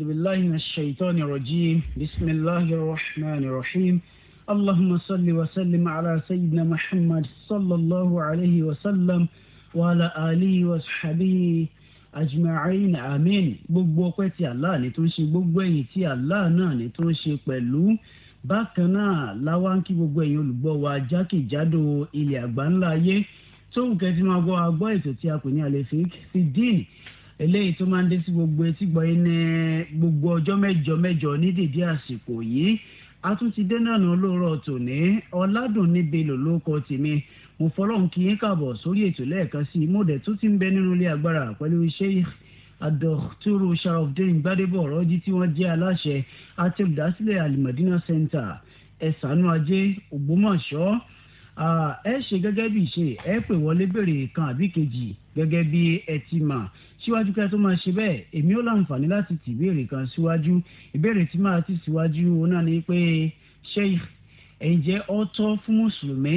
أعوذ بالله من الشيطان الرجيم بسم الله الرحمن الرحيم اللهم صل وسلم على سيدنا محمد صلى الله عليه وسلم وعلى آله وصحبه ajma'in amin gbogbo ọpẹ́ tí Allah ni tó ń ṣe gbogbo ẹ̀yìn tí Allah náà ni tó ń ṣe pẹ̀lú bákan náà láwa ń kí gbogbo ẹ̀yin olùgbọ́ wa jákèjádò ilẹ̀ àgbáńlá ayé tóun kẹtì máa gbọ́ agbọ́ ètò tí a pè ní alefik fidin eléyìí tó máa ń dé sí gbogbo etí gbọ́ iná gbogbo ọjọ́ mẹ́jọ mẹ́jọ ní dèdé àsìkò yìí a tún ti dénà nù lóòrọ̀ tòní ọ̀làdùn níbi lòlóko tèmi mo fọlọ́run kí yín kàbọ̀ sórí ètò lẹ́ẹ̀kan sí i mo dẹ̀ tún ti ń bẹ nínú ilé agbára pẹ̀lú iṣẹ́ adọ́túrú sharafdin gbadebo ọ̀rọ̀jì tí wọ́n jẹ́ aláṣẹ àti alimadina center ẹ̀sánú ajé ògbómọ̀ṣọ́ ẹ ṣe gẹ́gẹ́ bí ìṣe ẹ pè wọlé béèrè kan àbí kejì gẹ́gẹ́ bí ẹ ti mà síwájú kí a tó máa ṣe bẹ́ẹ̀ èmi ó láǹfààní láti ti ìbéèrè kan síwájú ìbéèrè tí máa ti síwájú òun náà ni pé ṣé ǹjẹ́ ó tọ́ fún mùsùlùmí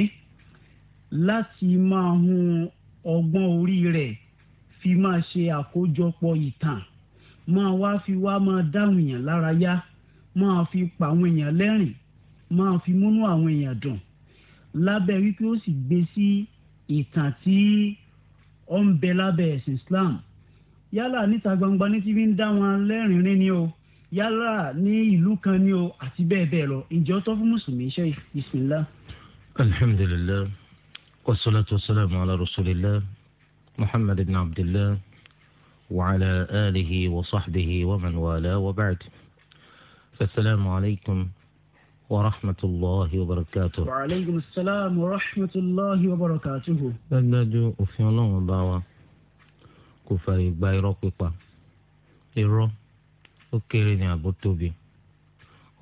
láti máa hun ọgbọ́n orí rẹ̀ fi máa ṣe àkójọpọ̀ ìtàn máa wá fi wá máa dáhùn èèyàn lára yá máa fi pa àwọn èèyàn lẹ́rìn máa fi múnú àwọn èèyàn dùn lábẹ́ wípé ó sì gbé sí ìtàn tí ó ń bẹ lábẹ́ ẹ̀sìn Islam yálà níta gbangba ní tí fi ń dá wọn lẹ́rìnrín ni o yálà ní ìlú kan ni o àti bẹ́ẹ̀ bẹ́ẹ̀ lọ ǹjẹ́ ó fún mùsùlùmí ṣe bisimilá. alhamdulillah wasalaatu wasalaamu ala rasulillah muhammad ibn abdillah wa alihi wa sahbihi wa man wala wa ba'd asalaamu alaykum. ورحمة الله وبركاته وعليكم السلام ورحمة الله وبركاته بلد أفيالون باوا kò fààyè gba irọ́ pípa irọ́ ó kéré ní àbó tóbi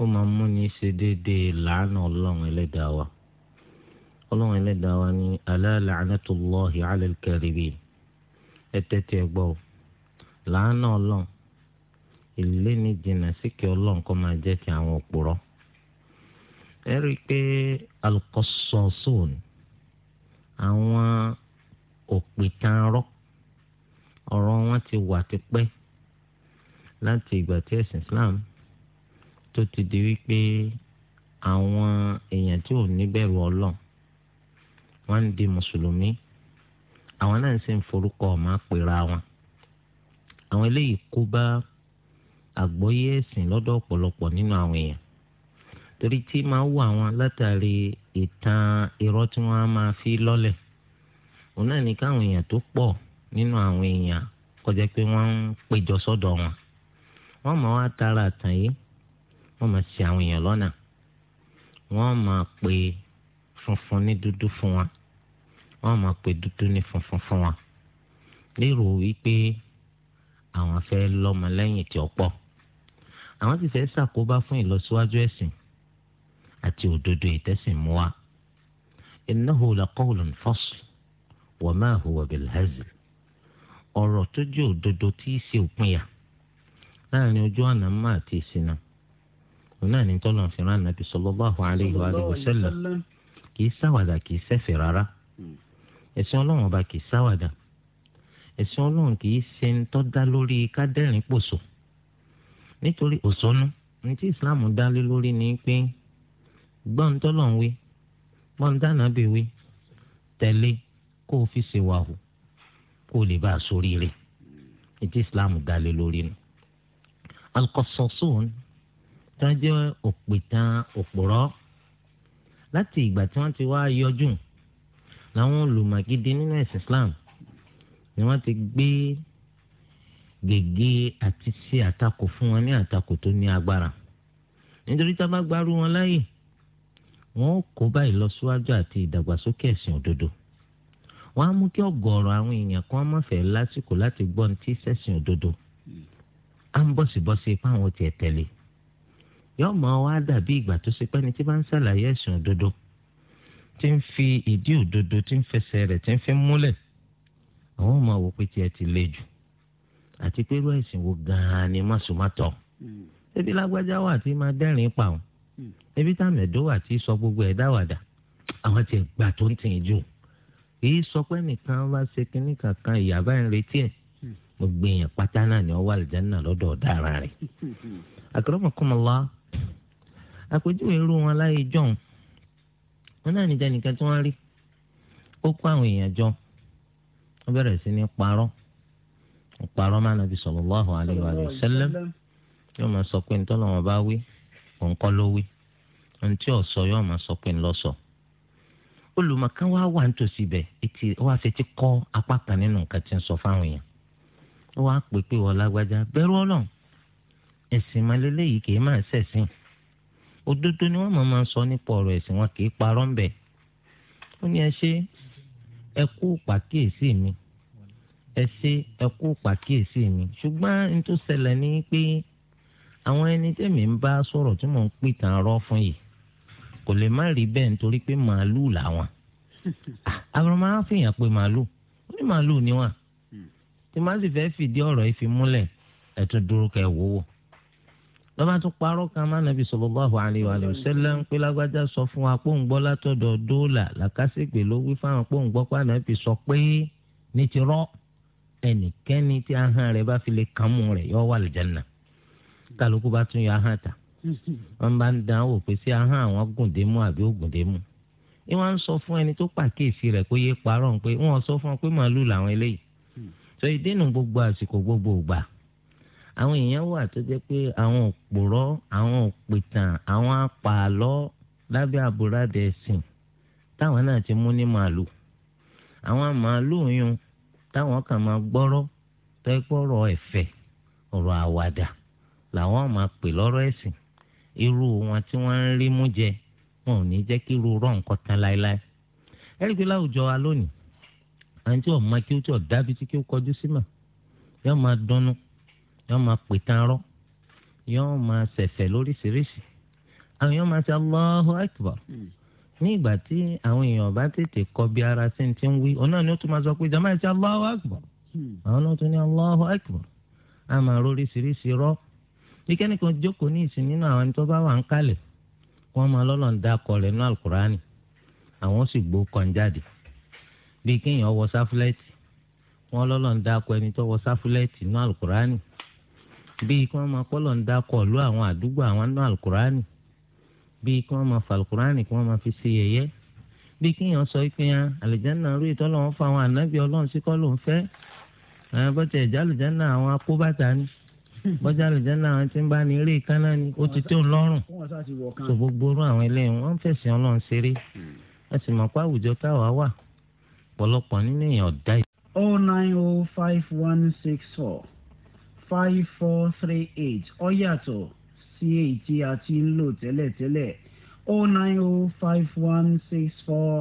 ó máa mú ní ṣe déédéé làánà ọlọ́run ẹlẹ́dàá wa ọlọ́run ẹlẹ́dàá wa ní alā laʿnatullāhi ʿalā al-kādhibīn ẹ tẹ́tí ẹ gbọ́ làánà ọlọ́run ìlé ní jìnnà síkì ọlọ́run kó máa jẹ́ ti àwọn òpùrọ́ ẹ rí i pé al-qaṣṣāṣūn àwọn òpìtàn rọ́pù ọ̀rọ̀ wọn ti wà tipẹ́ láti ìgbà tí ẹ̀sìn Islam tó ti di wípé àwọn èèyàn tí ò ní bẹ̀rù Ọlọ́run wọ́n ń di mùsùlùmí àwọn náà sì ń forúkọ ọ̀mà pera wọn àwọn eléyìí kó bá àgbọ́yé ẹ̀sìn lọ́dọ̀ ọ̀pọ̀lọpọ̀ nínú àwọn èèyàn torí tí máa wù àwọn látàrí ìtàn irọ́ tí wọ́n á máa fi lọ́lẹ̀ òun náà ní káwọn èèyàn tó pọ̀ nínú àwọn èèyàn kọjá pé wọ́n ń péjọ sọ́dọ̀ wọn wọ́n máa wá tara àtàn yìí wọ́n máa ṣì àwọn èèyàn lọ́nà wọ́n máa pe funfun ní dúdú fún wa wọ́n máa pe dúdú ní funfun fún wa lérò wípé àwọn fẹ́ lọ́mọ lẹ́yìn tí ó pọ̀ àwọn sì fẹ́ ṣàkóbá fún ìlọsíwájú ẹ̀sìn àti òdodo ìtẹ́sìn mú wa innahu laqawlun fasl wa ma huwa bilhazl. ọ̀rọ̀ tó jẹ́ òdodo tí í ṣe òpinya láàrin ojú ọ̀nà àti ìṣìnà òun náà ní tọ́lọ̀ fi nàbì sallallahu alaihi wa alihi kì rárá ẹ̀sìn ọlọ́run ọba kì í sáwàdà ẹ̀sìn ọlọ́run kì í ṣe ń tọ́ dá lórí kádẹ́rìn nítorí òṣónú ní tí dá lé lórí ni pé gbọ́n tọ́lọ̀ ń wí kó lè bá a sórí rẹ̀ ètí islam dálé lórí nu. alqasasun tí wọ́n jẹ́ òpìtàn òpùrọ́ láti ìgbà tí wọ́n ti wá yọjú làwọn olùmọ̀gidi nínú ẹ̀sìn islam ni wọ́n ti gbé gègé àti ṣe àtakò fún wọn ní àtakò tó ní agbára nítorí tá a bá gbárù wọn láàyè wọn ó kó báyìí lọ síwájú àti ìdàgbàsókè ẹ̀sìn òdodo wọ́n á mú kí ọ̀gọ̀ọ̀rọ̀ àwọn èèyàn kan má fẹ́ lásìkò láti gbọ́ ní tí sẹ́sìn òdodo á ń bọ̀sibọ́sí ipá àwọn tiẹ̀ tẹ̀lé yóò máa wá dàbí ìgbà tó ṣe pẹ́ni tí bá ń ṣàlàyé ẹ̀sìn òdodo tí ń fi ìdí òdodo tí ń fẹsẹ̀ rẹ̀ tí ń fi múlẹ̀ àwọn ọmọ wò pé tiẹ̀ ti le jù àti pé irú ẹ̀sìn wo gan ni mọ̀sùmọ́tọ̀ ebi lágbájá wà tí máa dẹ́rìn pa òun ebi táwọn ẹ̀dọ́ wà tí sọ gbogbo ẹ̀ dáwàdà àwọn tiẹ̀ gbà tó ń tìyìn jù kì í sọ pé nìkan bá ṣe kínní kankan ìyá bá ń retí ẹ̀ hmm. gbogbo èèyàn pátá náà ni ó wà lìjánà lọ́dọ̀ ọ̀daràn rẹ̀. àkàràmọ̀kọ́mọ̀lá àpèjúwe irú wọn láyé jọ̀hún wọn náà níjà nìkan tí wọ́n rí ó kó àwọn èèyàn jọ wọ́n bẹ̀rẹ̀ sí ní parọ́ parọ́ máa nàbí sallallahu alaihi wa sallam yóò máa sọ pé ntọ́lọ́wọ́n bá wí òun kọ́ ló wí ohun tí ò sọ yóò máa sọ pé ńlọ́sọ̀ọ́ olùmọ̀kan wá wà nítòsí bẹ̀ etí wá ṣe ti kọ́ apá kan nínú nǹkan tí ń sọ fáwọn èèyàn ó wá pè pé wọ́n lágbájá bẹ̀rù ọlọ́run ẹ̀sìn malẹ́lẹ́ yìí kì í máa ṣẹ̀sìn òdodo ni wọ́n máa máa sọ nípa ọ̀rọ̀ ẹ̀sìn wọn kì í parọ́ ńbẹ̀ ó ní ẹ ṣe ẹ kú pàkíyèsí mi ẹ ṣe ẹ kú pàkíyèsí mi ṣùgbọ́n n tó ṣẹlẹ̀ ni pé àwọn ẹni tẹ̀mí ń bá sọ̀rọ̀ tí mò ń pè pìtàn rọ́ fún yìí kò lè má rí bẹ́ẹ̀ nítorí pé màálù làwọn ah, àwọn máa ń fìyàn pé màálù ó ní màálù níwọ̀n tí màá sì fẹ́ fìdí ọ̀rọ̀ yìí fi múlẹ̀ ẹ̀tún dúró kẹ́ wò wò lọ́ba tún parọ́ kan máa nàbí sallallahu alaihi wa sallam ń pé lágbájá sọ fún wa pòǹgbọ́ látọ̀dọ̀ dóòlà làkàṣègbè ló wí fáwọn pòǹgbọ́ pàánà fi sọ pé ní ti rọ́ ẹnikẹ́ni tí ahọ́n rẹ̀ bá fi lè kàn mú rẹ̀ yọ wà lìjánà kálukú wọn bá ń dán wò pé sí ahọ́n àwọn gùndémù àbí ògùndémù ni wọn ń sọ fún ẹni tó pàkíyèsí rẹ̀ pé yéé parọ́ ń pé wọn sọ fún ọ pé màálù làwọn eléyìí tó ìdènà gbogbo àsìkò gbogbo ògbà àwọn èèyàn wà tó jẹ́ pé àwọn òpòrọ́ àwọn òpìtàn àwọn apààlọ́ lábẹ́ àbúradà ẹ̀sìn táwọn náà ti mú ní màálù àwọn màálù yun táwọn kàn máa gbọ́rọ́ tẹ́gbọ́rọ̀ ẹ̀fẹ̀ ọ̀rọ̀ àwàdà làwọn máa pè lọ́rọ̀ ẹ̀sìn irú wọn tí wọ́n ń rí mú jẹ wọn ò ní jẹ́ kí irú rọ̀ nǹkan láéláé. pé láwùjọ wa lónìí àwọn tí ọ̀ma kí ó tí ọ̀dá bíi tí kí ó kọjú sí mà yóò máa dunnú yóò máa yóò máa lóríṣiríṣi àwọn yóò máa ṣe Allahu Akbar hmm. ní ìgbà tí àwọn èèyàn bá tètè kọ bí ara sí ti ń wí ni ó tún máa sọ pé jama ṣe Allahu hmm. àwọn náà a máa bí kẹ́nìkan jókòó ní ìsìn nínú àwọn ẹni tó bá wà ń kalẹ̀ kó wọn máa lọ́lọ́ ń da akọ rẹ̀ nínú alukurani àwọn sì gbó kàn jáde bí kéèyàn wọ sáfúlẹ́ẹ̀tì wọn lọ́lọ́ ń da akọ ẹni tó wọ sáfúlẹ́ẹ̀tì nínú alukurani bí kí wọ́n máa kọ́lọ̀ ń da akọ lu àwọn àdúgbò àwọn nínú alukurani bí kí wọ́n máa fa alukurani kí wọ́n máa fi ṣe yẹ̀yẹ́ bí kéèyàn sọ pé ah, àlùjáná rú ìtọ́lọ́wọ́n fa àwọn ànábì ọlọ́run sí kọ́ ló ń fẹ́ bọ́tẹ̀ ìjà àlùjáná àwọn akóbátà ni bọ́jà àlùjáná àwọn tí ń bá ní eré kaná ni ó ti tó lọ́rùn tó gbogbo orú àwọn eléyìí wọ́n fẹ̀sìn ọlọ́run ṣeré wọ́n sì mọ̀ pé àwùjọ táwa wà pọ̀lọpọ̀ nínú èèyàn ọ̀dá yìí. oh nine O oh five one six four five four three eight ó yàtọ̀ sí èyí tí a ti ń lò tẹ́lẹ̀tẹ́lẹ̀ O oh nine O oh five one six four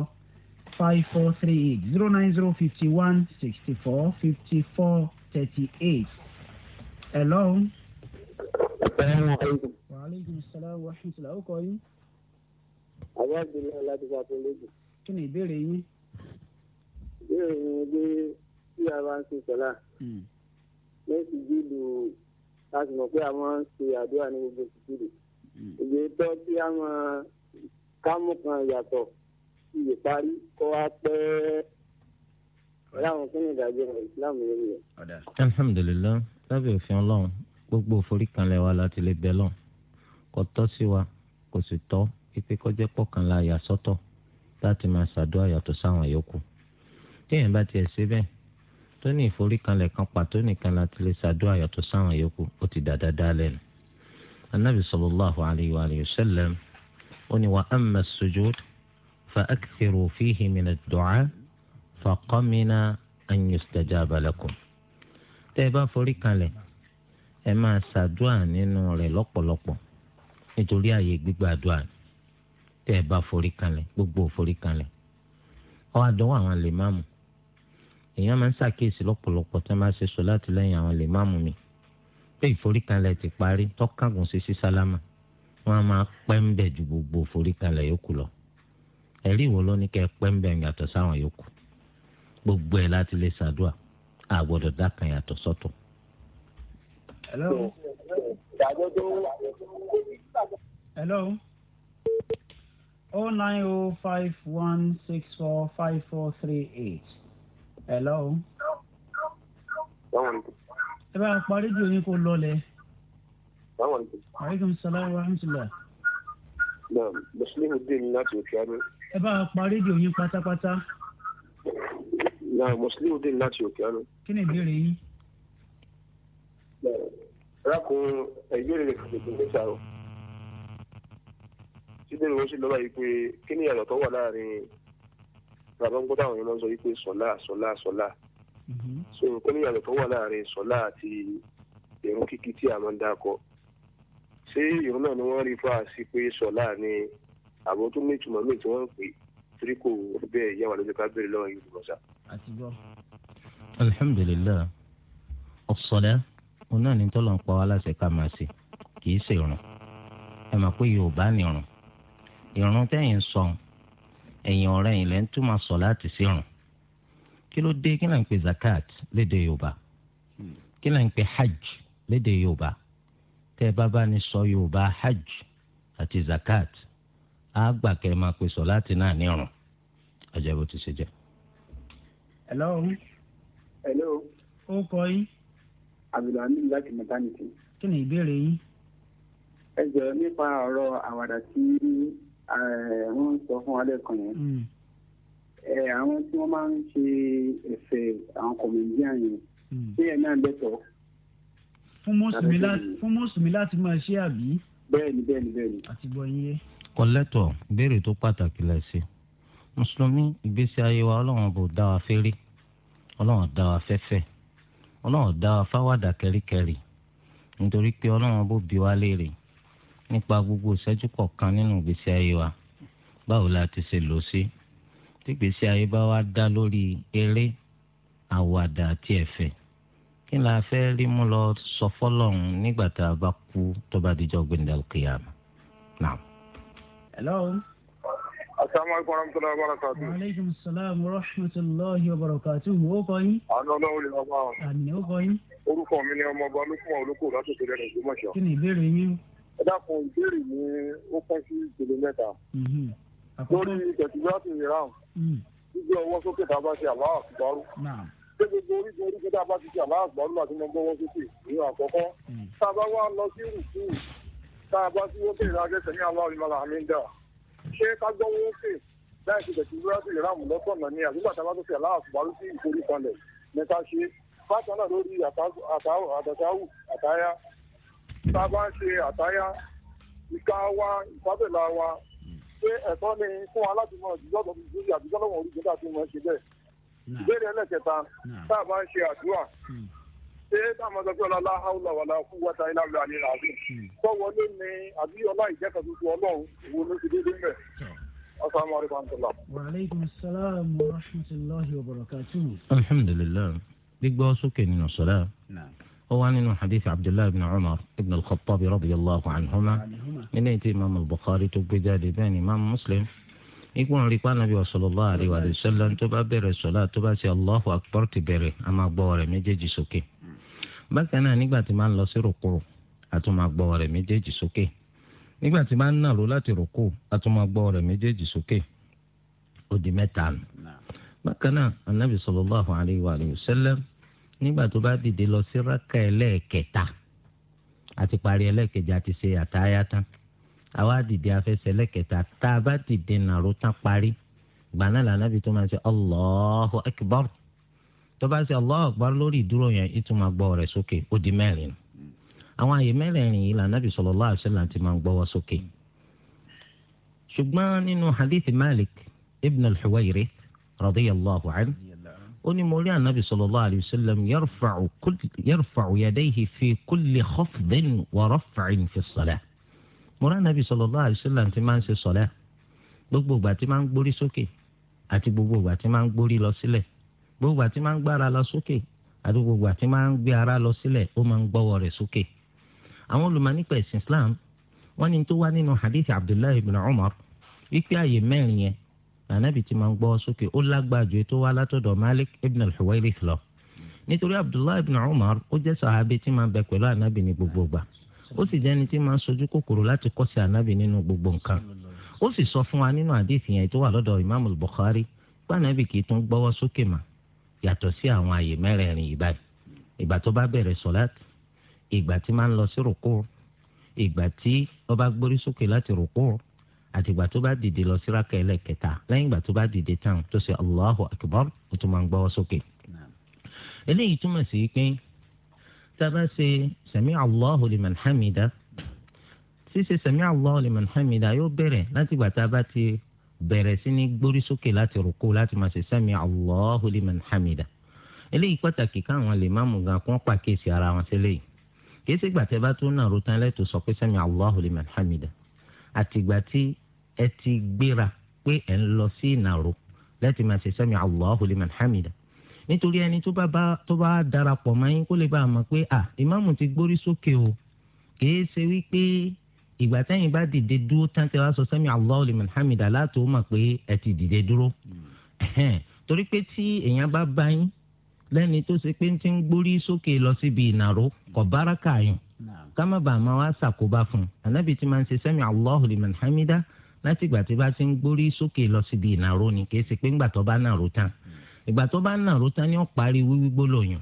five four three eight zero nine zero fifty one sixty four fifty four thirty eight hello. wa aleykum salaam wa rahmatulah ó kọ yín. àbá ìdílé láti wá fún lójú. kí ni ìbéèrè yín. ìbéèrè mi ni pé tí a bá ń ṣe sọ́lá hmm. lẹ́sì jíìlù láti mọ̀ pé a máa ń ṣe àdúrà ní gbogbo ìṣìṣirò hmm. èyí tó tí a máa kámú kan yàtọ̀ iye parí kó wá pẹ́ ọ̀rẹ́ kí ni ìdájọ́ ìsìlámù lórí alhamdulilayi lábẹ́ òfin ọlọ́run gbogbo ìforíkanlẹ̀ wa láti lè bẹ lọ́n kò tọ́ sí wa kò sì tọ́ pípé kọjá pọ̀kan la yà sọ́tọ̀ láti máa ṣàdúrà yàtọ̀ sáwọn yòókù téèyàn bá tiẹ̀ ṣe bẹ́ẹ̀ tó ní ìforíkanlẹ̀ kan pàtó nìkan láti lè ṣàdúrà yàtọ̀ sáwọn yòókù ó ti dàda dálẹ̀ nù anabi sallallahu alayhi wa sallam ó ní wa amma as fa akthiru fihi min fa qamina an yustajaba tẹ́ ẹ bá forí kalẹ̀ ẹ máa ṣàdúà nínú rẹ̀ lọ́pọ̀lọpọ̀ nítorí ààyè gbígbàdúà tẹ́ ẹ bá forí kalẹ̀ gbogbo forí kalẹ̀ ọ àdánwò àwọn lè má mu èèyàn máa ń ṣàkíyèsí lọ́pọ̀lọpọ̀ tí wọ́n máa ṣe sọ láti lẹ́yìn àwọn lè má mu mi pé ìforíkalẹ̀ ti parí tọ́kàgùn sí sí sálámà wọ́n á máa pẹ́ ń bẹ̀ ju gbogbo ìforíkalẹ̀ yòókù lọ ẹ̀rí ìwọ ló ní kẹ́ ẹ pẹ́ ń bẹ̀ yàtọ̀ sáwọn yòókù gbogbo ẹ̀ láti lè ṣàdúà àgbọ̀dọ̀ dákan yàtọ̀ sọ́tọ̀. hello oh nine oh five one six four five four three eight hello. ẹ bá a parí jù yín kó lọlẹ̀. aleykum salaam wa rahmatulah. muslim dín ní o òkè àná. ẹ bá a parí jù yín pátápátá na muslim dín láti òkè ọ̀nà. kí ni ìbéèrè yín. rákun ìbéèrè rẹ̀ kò tó mẹ́ta o. síbẹ̀ ni wọ́n ṣe lọ́wọ́ yìí pé kí ni ìyàtọ̀ tó wà láàrin bàbá ń gbọ́dọ̀ àwọn yẹn máa ń sọ yìí pé sọ̀lá sọ̀lá sọ̀lá. Mhm. so kí ni ìyàtọ̀ tó wà láàrin sọ̀lá àti ìrun kíkí tí a máa ń dákọ̀. ṣé ìrun náà ni wọ́n rí fáà sí pé sọ̀lá ni àbọ̀ tó ní ìtumọ̀ míì tí wọ́n ń pè é torí kò bẹ́ẹ̀ yá wà lójú ká bèrè lọ́wọ́ yìí lọ́sà àtijọ́. alhamdulilayi ọ̀sọ̀lẹ́ òun náà ní tọ́lọ̀ ń pa wá láṣẹ ká máa ṣe kì í ṣe irun ẹ máa pé yorùbá ní irun irun tẹ́yìn sọ ẹ̀yìn ọ̀rẹ́ yìí lẹ́ ń túmọ̀ sọ láti sí irun kí ló dé kí là zakat lédè yorùbá kí là hajj lédè yorùbá tẹ́ ẹ bá bá ní sọ yorùbá hajj àti zakat á kẹ́ ẹ máa pè sọ láti náà ní irun ọjọ́ ti ṣe jẹ́ hello. hello. ó kọ yín. abdulhamid láti mẹtánìtì. kí ni ìbéèrè yín. ẹ jọ nípa ọ̀rọ̀ àwàdà tí wọ́n sọ fún wa lẹ́ẹ̀kan yẹn. Hmm. àwọn tí wọ́n máa ń ṣe ẹ̀fẹ̀ àwọn kọ̀mẹ̀díàn yẹn hmm. ṣé ẹ̀ náà lẹ́tọ̀ọ́. fún mùsùlùmí láti máa ṣe àbí. bẹ́ẹ̀ni bẹ́ẹ̀ni bẹ́ẹ̀ni. àti bọ yín yé. kọlẹ́tọ̀ béèrè tó pàtàkì lẹ́sìn mùsùlùmí ìgbésí ayé wa ọlọ́run bò dá wa fẹ́rẹ́ ọlọ́run dá wa fẹ́fẹ́ ọlọ́run dá wa fáwàdà kẹ́ríkẹ́rí nítorí pé ọlọ́run bó bi wá léèrè nípa gbogbo ìṣẹ́jú kọ̀ọ̀kan nínú ìgbésí ayé wa báwo la ti ṣe lò sí tí ìgbésí ayé bá wá dá lórí eré àwàdà àti ẹ̀fẹ̀ kí la fẹ́ rí mú lọ sọ fọ́lọ́run nígbà tá a bá kú tó bá dijọ́ gbẹ̀ndàlùkìyàmù. Hello asalaamualeykum warahmatulahi wabarakatu. aleykum salaam wa rahmatulahi wa barakatu. wo kọ yín. àná ọlọ́run ni ọba wa. àmì ó kọ yín. orúkọ mi ni ọmọ ọba olókùn olókùn látòkè lẹ́nu ìgbìmọ̀ṣọ́. kí ni ìbéèrè yín. ẹ dákun ìbéèrè mi ó pẹ́ sí ìpele mẹ́ta. Mhm. lórí tẹ̀síwájú ìran mhm. gbígbé ọwọ́ sókè tá a bá ṣe àlọ́ àkùbárù. ṣé gbogbo oríṣi oríṣi tá a bá ti ṣe àlọ́ àkùbárù láti mọ gbọ́wọ́ sókè ní àkọ́kọ́. Mhm. tá a bá wá lọ sí rùkú tá a bá sí wọ́pẹ̀ ìlàjẹsẹ̀ ní aláwọ̀ ìmọ̀lá àmì ń dà ṣé ká gbọ́wọ́ òkè láì fi tẹ̀sí búrẹ́dì ìráàmù lọ́sọ̀nà ni àgbégbà tá a bá tó fi aláàfù bárú sí ìforí kanlẹ̀ ní ká ṣe bákan náà lórí àtàwù àtáyá tá a bá ń ṣe àtáyá ìka wa ìfábẹ́là wa pé ẹ̀tọ́ ni fún wa láti mọ ìdíjọ́ tó ti ṣe àdíjọ́ lọ́wọ́ orí ìgbésà tí mo ṣe bẹ́ẹ̀ ìbéèrè ẹlẹ́kẹta tá a bá ń ṣe àdúrà hmm ee tá a máa sọ pé ọlọ́lá haúlà wàlá fún wọ́tá ilá rẹ̀ àlè ràbí hmm. tọ́wọ́ ló ní àbí ọlá ìjẹ́kọ̀ tuntun ọlọ́run wo ló ti dédé mẹ́ asalaamu alaykum wa rahmatulah. wa aleykum salaam wa rahmatulahi wa barakatuhu. alhamdulilayi gbígbọ́ sókè nínú sọ́lá ó wá nínú hadith abdullahi ibn umar ibn al-khattab radiyallahu anhuma nínú ètò imaamu bukhari tó gbé jáde bẹ́ẹ̀ ni imaamu muslim ikun rí pa nàbí sallallahu alayhi wa sallam tó bá bẹ̀rẹ̀ sọ́lá tó bá ṣe allahu akbar ti bẹ̀rẹ̀ a máa gbọ́ ọ̀rẹ́ méjèèjì sókè. bákan náà nígbà tí máa ń lọ sí rògbò àtún rẹ̀ méjèèjì sókè nígbà tí máa ń nàró láti rẹ̀ méjèèjì sókè anabi sallallahu alayhi wa sallam nígbà tó bá dìde lọ sí rákà ẹlẹ́ẹ̀kẹta àti parí ẹlẹ́ẹ̀kẹjì àti ṣe àtàyà àwa dìde afẹsẹ̀ ẹlẹ́ẹ̀kẹta tá a bá dìde nàró tán parí gbàná lànà tó bá ṣe Allahu Akbar lórí ìdúró yẹn ìtumọ̀ gbọ́ rẹ̀ sókè ó di mẹ́rin àwọn àyè mẹ́rẹ̀ẹ̀rin yìí lànàbì sallallahu alaihi wasallam ti máa ń gbọ́wọ́ sókè ṣùgbọ́n nínú hadithi Malik ibn al-Huwayrith radiyallahu anhu ó ní mo rí ànàbì sallallahu alaihi wasallam yarfa'u yadayhi fi kulli khafdin wa raf'in fi as-salah mo rí ànàbì sallallahu ti máa ń ṣe sọ̀lá gbogbo ìgbà tí máa ń gbórí sókè àti gbogbo ìgbà tí máa ń gbórí lọ sílẹ̀ gbogbo àti máa ń gbára lọ sókè àti gbogbo àti máa ń gbé ara lọ sílẹ̀ ó máa ń gbọ́wọ́ rẹ̀ sókè. àwọn olùmọ̀ nípa ẹ̀sìn Islam wọ́n ní tó wá nínú hadith Abdullahi ibn Umar wípé àyè mẹ́rin yẹn lànàbì ti máa ń gbọ́wọ́ sókè ó lágbára ju tó wá látọ̀dọ̀ Malik ibn al-Huwayrith lọ. nítorí Abdullahi ibn Umar ó jẹ́ sàhábì tí máa ń bẹ pẹ̀lú ànábì ní gbogbo gbà ó sì jẹ́ni tí máa ń sojú kòkòrò láti kọ́ ànábì nínú gbogbo nǹkan ó sì sọ fún wa nínú àdéhìí yẹn tó lọ́dọ̀ Imam bukhari pé kì í tún gbọ́wọ́ sókè mà yàtọ̀ sí àwọn àyè mẹ́rẹ̀ẹ̀rin yìí báyìí ìgbà tó bá bẹ̀rẹ̀ sọ̀láàt ìgbà tí máa ń lọ sí rùkú ìgbà tí ó bá gbórí sókè láti rùkú àti ìgbà tó bá dìde lọ sí rákà ẹlẹ́kẹta lẹ́yìn ìgbà tó bá dìde tán tó ṣe allahu akbar ó tún máa ń gbọ́wọ́ sókè. eléyìí túmọ̀ sí pé tá a bá ṣe sami allahu liman hamida ṣíṣe sami allahu liman hamida yóò bẹ̀rẹ̀ láti ìgbà tá a bá ti bẹ̀rẹ̀ sí ní gbórí sókè láti rúkú láti máa ṣe sẹ́mi Allahu liman hamida eléyìí pàtàkì káwọn lè má mú gan kó pàkíyèsí ara wọn sílẹ̀ yìí kìí ṣe gbàtẹ́ bá tó náà rútan lẹ́tọ̀ọ́ sọ pé sẹ́mi Allahu liman hamida àtìgbà tí ẹ ti gbéra pé ẹ ń lọ sí ìnàró láti máa ṣe sẹ́mi Allahu liman hamida nítorí ẹni tó bá darapọ̀ mọ́ yín kó lè bá a mọ̀ pé à ìmáàmù ti gbórí sókè o kìí ṣe wípé ìgbà tẹ́yìn bá dìde dúró tán tẹ́ wá sọ sẹ́mi Allahu liman hamida látò mọ̀ pé ẹ ti dìde dúró torí pé tí èèyàn bá bá yín lẹ́ni tó ṣe pé ti ń gbórí sókè lọ síbi ìnáró kò bára kààyàn ká má bàa máa wá ṣàkóbá fún un ànábì tí máa ń ṣe sẹ́mi Allahu liman hamida láti ìgbà tí bá ti ń gbórí sókè lọ síbi ìnáró ni kì í ṣe pé ńgbà tó bá nàró tán ìgbà tó bá nàró tán ni ó parí wíwí gbólóyàn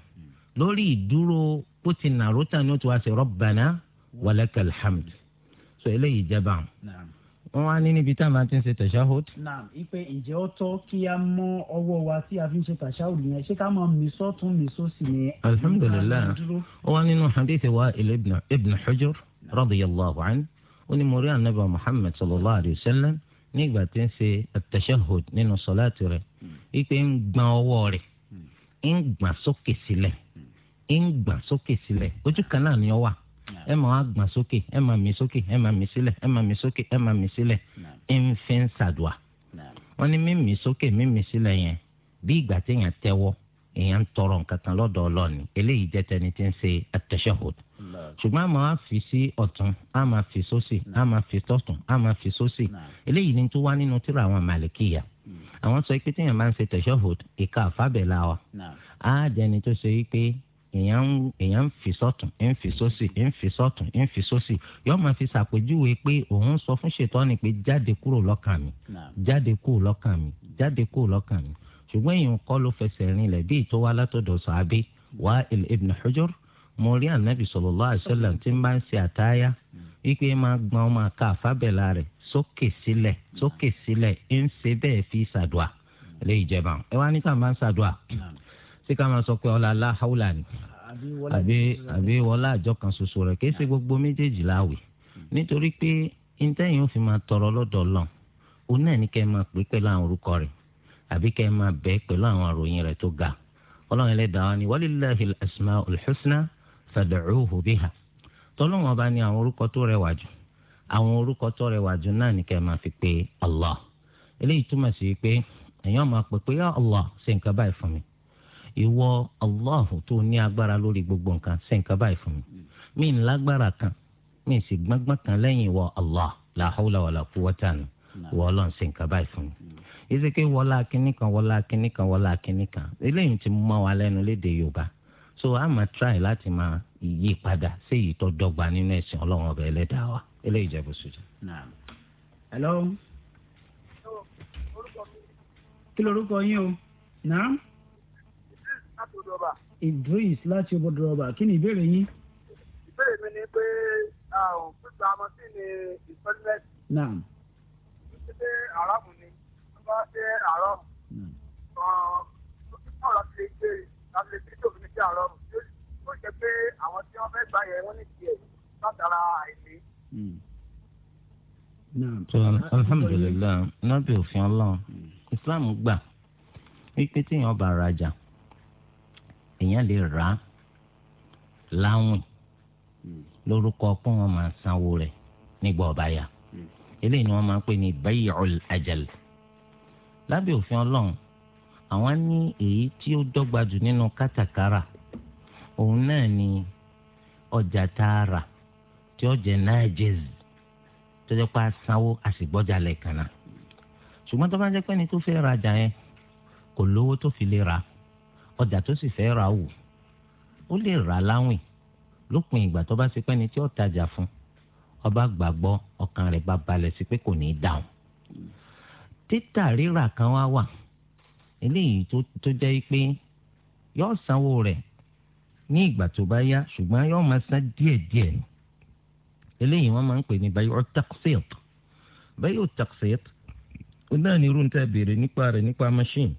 lórí ìdúró bó ti nàró tán ni ó ti wá sí rabbana walakal hamd eléyìí jẹba wọn wá ní níbi táwọn ti ń ṣe tashahud. naam ipe ǹjẹ́ ó tọ́ kí a mọ ọwọ́ wa tí a fi ń ṣe tashahud yẹn ṣé ká mọ mísọ́ tún mísọ́ sí ni. alhamdulilayi ó wá nínú hadith wa ibn ibn radiyallahu anhu ó ní mo anabi muhammad sallallahu alayhi wa sallam nígbà tí ń ṣe tashahud nínú sọláàtì rẹ̀ ipe ń gbọn ọwọ́ rẹ̀ hmm. ń gbà sókè sílẹ̀ ń gbà sókè sílẹ̀ ojú kan náà ni ó wà ẹ máa wá gbọ̀n sókè ẹ máa mì sókè ẹ máa mì sílẹ̀ ẹ máa mì sókè ẹ máa mì sílẹ̀ ń fi ń ṣàdùà. wọ́n ní mímì sókè mímì sílẹ̀ yẹn bí ìgbà téèyàn tẹ́wọ́ èèyàn ń tọrọ nǹkan kan lọ́dọ̀ ọlọ́ọ̀ni eléyìí jẹ́ tẹni tí ń ṣe at-tashahhud. a máa fi sí ọ̀tún a máa fi sósì a máa fi tọ̀tún a máa fi sósì eléyìí ni tó wá nínú tírà àwọn màlìkíyà hmm. àwọn sọ pé téèyàn máa ń ṣe tashahhud ìka àfábẹ́lá èèyàn ń fi sọ́tún ń fi sósì ń fi sọ́tún ń fi sósì yóò máa fi ṣàpèjúwe pé òun sọ fún ṣètọ́ni pé jáde kúrò lọ́kàn mi jáde kúrò lọ́kàn mi jáde kúrò lọ́kàn mi ṣùgbọ́n èèyàn kọ́ ló fẹsẹ̀ rinlẹ̀ bí ìtọ́ wa látọ̀dọ̀ sàábé Wa'il ibn Hujr mo rí ànábì sallallahu alaihi wasallam tí ń bá ń ṣe àtáyá wípé máa gbọ́n máa ka àfábẹ́là rẹ̀ sókè sílẹ̀ sókè sílẹ̀ ń ṣe bẹ́ẹ̀ fi ṣàdùà lè ìjẹba ẹ wá ní ká máa ń ṣàdùà tí ká máa sọ pé ọlá aláhàúlà ni àbí àbí wọlá àjọ kan ṣoṣo rẹ̀ kìí ṣe gbogbo méjèèjì láwì nítorí pé intanet fi máa tọrọ lọ́dọ̀ lọ òun náà ní kẹ́ máa pè pẹ̀lú àwọn orúkọ rẹ̀ àbí kẹ́ máa bẹ̀ pẹ̀lú àwọn àròyìn rẹ̀ tó ga ọlọ́run ẹlẹ́dàá wa ni walillahi al-asmaul husna fad'uhu biha bá ní àwọn orúkọ tó rẹwà jù àwọn orúkọ tó rẹwà jù náà ní kẹ́ máa fi pe Allah eléyìí túmọ̀ sí pé èèyàn máa pè pé Allah ṣe nǹkan báyìí fún mi ìwọ allah tó ní agbára lórí gbogbo nǹkan ṣe nǹkan báyìí fún mi mi ń lágbára kan mi ń sì gbọ́ngbọ́n kan lẹ́yìn ìwọ allah la hawla wala quwwata ìwọ ọlọ́run ṣe nǹkan báyìí fún mi ezeke wọlá kínní kan wọlá kínní kan wọlá kínní kan eléyìí ti mọ wa lẹ́nu léde yorùbá so a máa try láti máa yí padà sí èyí tó dọ́gba nínú ẹ̀sìn ọlọ́run ọbẹ̀ ẹlẹ́dàá wa eléyìí jẹ́ bó ṣe jẹ́. hello kí lorúkọ yín o naam. Idris láti Obodoroba kí ni ìbéèrè yín. ìbéèrè mi ni pé gbígba ọmọ sí ni ìfẹ́lẹ́sì. naam. títí dé àràmù ni wọ́n bá dé àrọ́ ọ̀rọ̀ láti lè gbé láti lè gbé tó fi ní sí àrọ́ yóò jẹ́ pé àwọn tí wọ́n fẹ́ gbà yẹn wọ́n ní tiẹ̀ látara àìlè. Hmm. naam. alhamdulilayi nábì òfin Ọlọ́run Islam gbà wípé téèyàn bá rajà èèyàn lè rà á láwìn hmm. lórúkọ pé wọ́n máa sanwó rẹ̀ nígbà ọ̀bá yá hmm. eléyìí ni wọ́n máa ń pè ní bay'ul ajal lábẹ́ òfin ọlọ́run àwọn ní èyí tí ó dọ́gba jù nínú kátàkárà òun náà ni ọjà tààrà tí ó jẹ náà tó jẹ́ pé asanwó a sì gbọ́jà lẹ́ẹ̀kan náà ṣùgbọ́n tó bá jẹ́ pé ẹni tó fẹ́ rajà yẹn kò lówó tó fi lè rà ọjà tó sì fẹ́ ra wò ó lè rà láwìn lópin ìgbà tó bá ṣe pẹ́ni tí ó tajà fún ọba gbàgbọ́ ọkàn rẹ̀ bá balẹ̀ sí pé kò ní í dáhùn. títà rírà kan wá wà eléyìí tó jẹ́ pé yóò sanwó rẹ̀ ní ìgbà tó bá yá ṣùgbọ́n yóò máa san díẹ̀díẹ̀ eléyìí wọ́n máa ń pè ní bayo taxit bayo taxit ó náà ní irú níta béèrè nípa rẹ̀ nípa machine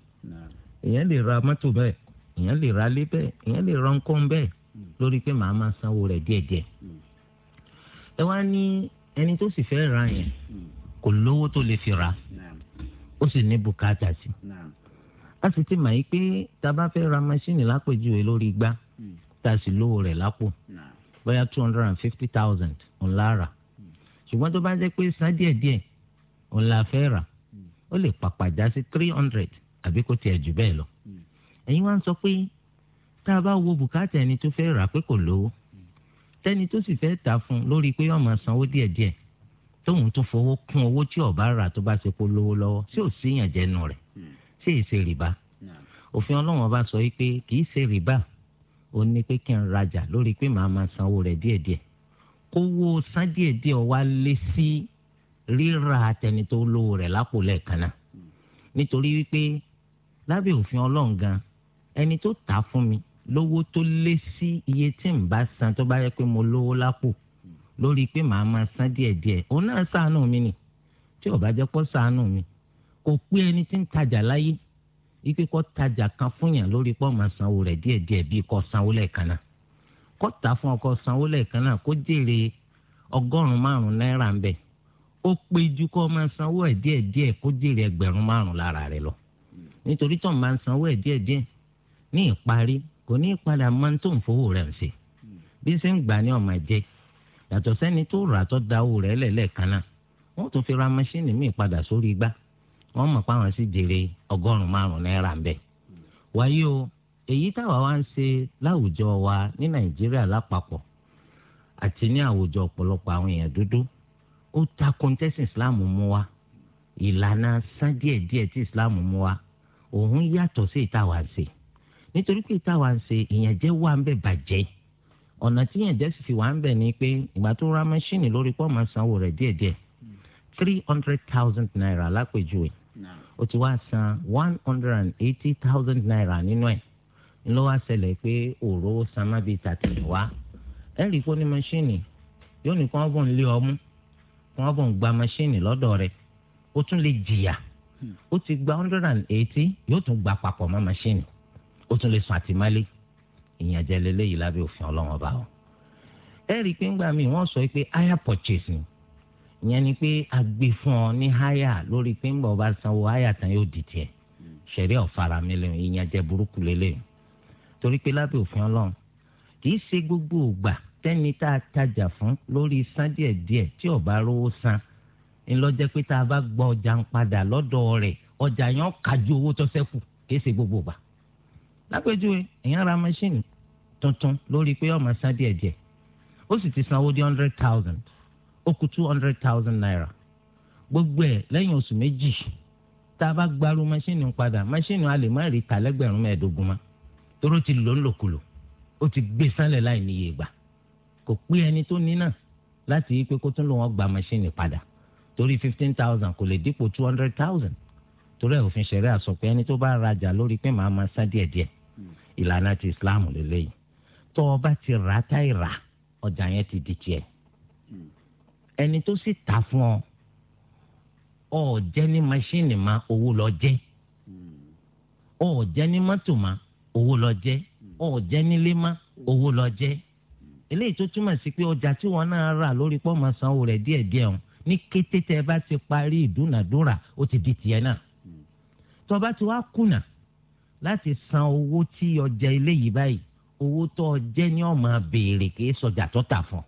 èèyàn lè ra mọ́tò bẹ́ẹ̀ èèyàn lè ra lé bẹ́ẹ̀ èèyàn lè rán kọ́ bẹ́ẹ̀ hmm. lórí pé màá máa sanwó rẹ̀ díẹ̀díẹ̀. Hmm. ẹ wá ní ẹni tó sì fẹ́ ra yẹn hmm. kò lówó tó lè fi ra ó sì ní bùkátà sí a sì ti mà yí pé tá bá fẹ́ ra maṣíìnì lápèjúwe lórí igbá tá sì lówó rẹ̀ lápò bóyá two hundred and fifty thousand ńlá rà ṣùgbọ́n tó bá jẹ́ pé san díẹ̀díẹ̀ ńlá fẹ́ rà ó lè pàpà já sí three hundred àbí kò tiẹ̀ jù bẹ́ẹ̀ lọ ẹ̀yin wá ń sọ pé tá a bá wo bùkátà ẹni tó fẹ́ rà pé kò lówó tẹ́ni tó sì fẹ́ tà fún un lórí pé yóò máa sanwó díẹ̀díẹ̀ tóun tún fowó kún owó tí ó bá rà tó bá ṣe kó lówó lọ́wọ́ sí òsíyàn jẹnu rẹ̀ sí èsè rìbá òfin ọlọ́run ọba sọ wípé kì í ṣe rìbá ó ní pé kí n rajà lórí pé màá máa sanwó rẹ̀ díẹ̀díẹ̀ kówó san díẹ̀díẹ̀ wá lé sí rírà àtẹni tó lówó rẹ̀ lápò lẹ́ẹ̀kan náà nítorí wípé lábẹ́ òfin ọlọ́run ẹni tó tà fún mi lówó tó lé sí iye tí n bá san tó bá yẹ pé mo lówó lápò lórí pé màá máa san díẹ̀díẹ̀ òun náà ṣàánú mi nì tí ò bá jẹ́ pọ́ ṣàánú mi kò pé ẹni tí ń tajà láyé ike tajà kan fún yàn lórí pọ́ máa sanwó rẹ̀ sanwó náà fún sanwó náà kó jèrè márùn náírà ń sanwó ẹ kó jèrè márùn rẹ̀ lọ nítorí tó máa sanwó ní ìparí kò ní ìpadà máa ń tó nfowó rẹ̀ ń ṣe bí ṣe ń gbà ní ọmọ ẹ̀jẹ̀ yàtọ̀ sẹ́ni tó rà tó da owó rẹ̀ lẹ́lẹ́kan náà wọ́n tún fi ra maṣíìnì míì padà sórí igbá wọ́n mọ̀ pé àwọn sì jèrè ọgọ́rùn márùn náírà ń bẹ̀. wáyé o èyí táwa wá ń ṣe láwùjọ wa ní nàìjíríà lápapọ̀ àti ní àwùjọ ọ̀pọ̀lọpọ̀ àwọn èèyàn dúdú ó ta kọ́ńtẹ́sì ìsìláàmù mú wa ìlànà sán díẹ̀díẹ̀ tí ìsìláàmù mú wa òun yàtọ̀ sí ìtawà ṣe nítorí pé táwa ń ṣe ìyànjẹ wà ń bẹ bàjẹ́ ọ̀nà tí ìyànjẹ sì fi wà ń bẹ ni pé ìgbà tó ra mẹ́ṣíìnì lórí pọ́ máa sanwó rẹ̀ díẹ̀díẹ̀ three hundred thousand naira lápèjúwe o ti wá san one hundred and eighty thousand naira nínú ẹ̀ ńlọ wá ṣẹlẹ̀ pé òró sanabi tàtẹ̀wá ẹ̀rí kó ní mẹ́ṣíìnì yóò ní kí wọ́n bọ̀ ń lé ọmú kí wọ́n bọ̀ ń gba mẹ́ṣíìnì lọ́dọ̀ rẹ̀ ó tún lè jìyà hmm. ó ti gba hundred and eighty yóò tún gba papọ̀ mọ́ mẹ́ṣíìnì ó tún lè sùn àtìmọ́lé ìyànjẹ lélẹ́yìí lábẹ́ òfin ọlọ́wọ́n bá wọn. ẹ rí i pé ńgbà míì wọ́n sọ pé hire purchasing ìyẹn ni pé a gbé fún ọ ní hire lórí pé ńgbà ọba sanwó hire tán yóò di tiẹ̀ ṣẹ̀rí ọ̀faramí lẹ́yìn ìyànjẹ burúkú lélẹ́yìn torí pé lábẹ́ òfin ọlọ́run kì í ṣe gbogbo ògbà tẹ́ni tá a tajà fún lórí san díẹ̀díẹ̀ tí ó rówó san ńlọ́jẹ́ pé tá a bá gba ọjà ń padà lọ́dọ̀ rẹ̀ ọjà yẹn kájú owó tó kì í ṣe gbogbo ògbà lápèjúwe èèyàn ra mẹṣíìnì tuntun lórí pé ọmọ san díẹ̀ díẹ̀ ó sì ti sanwó di hundred thousand ó kù two hundred thousand naira gbogbo ẹ̀ lẹ́yìn oṣù méjì tá a bá gbaru mẹṣíìnì padà mẹṣíìnì a lè má rí ta lẹ́gbẹ̀rún mẹ́ẹ̀ẹ́dógún mọ́ toró ti lò ń lòkulò ó ti gbé sánlẹ̀ láì níye gbà kò pé ẹni tó ní náà láti yí pé kó tún lò wọ́n gba mẹṣíìnì padà torí fifteen thousand kò lè dípò two hundred thousand torí ẹ̀ òfin ṣẹ̀rẹ́ àsọ̀pẹ́ ẹni tó bá rajà lórí pé màá máa san díẹ̀díẹ̀ ìlànà ti islam lélẹ́yìí tó o bá ti rà táì rà ọjà yẹn ti di tiẹ̀ ẹni tó sì ta fún ọ ọ jẹ́ ní maṣíìnì ma owó lọ jẹ́ ọ jẹ́ ní mọ́tò ma owó lọ jẹ́ ọ jẹ́ nílé ma owó lọ jẹ́ eléyìí tó túmọ̀ sí pé ọjà tí wọ́n náà rà lórí pọ́ sanwó rẹ̀ díẹ̀díẹ̀ ọ̀hún ní kété tẹ́ bá ti parí ìdúnàdúrà ó ti di tiẹ̀ náà tó o bá kùnà láti san owó tí ọjà eléyìí báyìí owó tó ọjẹ́ ni ó máa béèrè kì í sọjà tó tà fún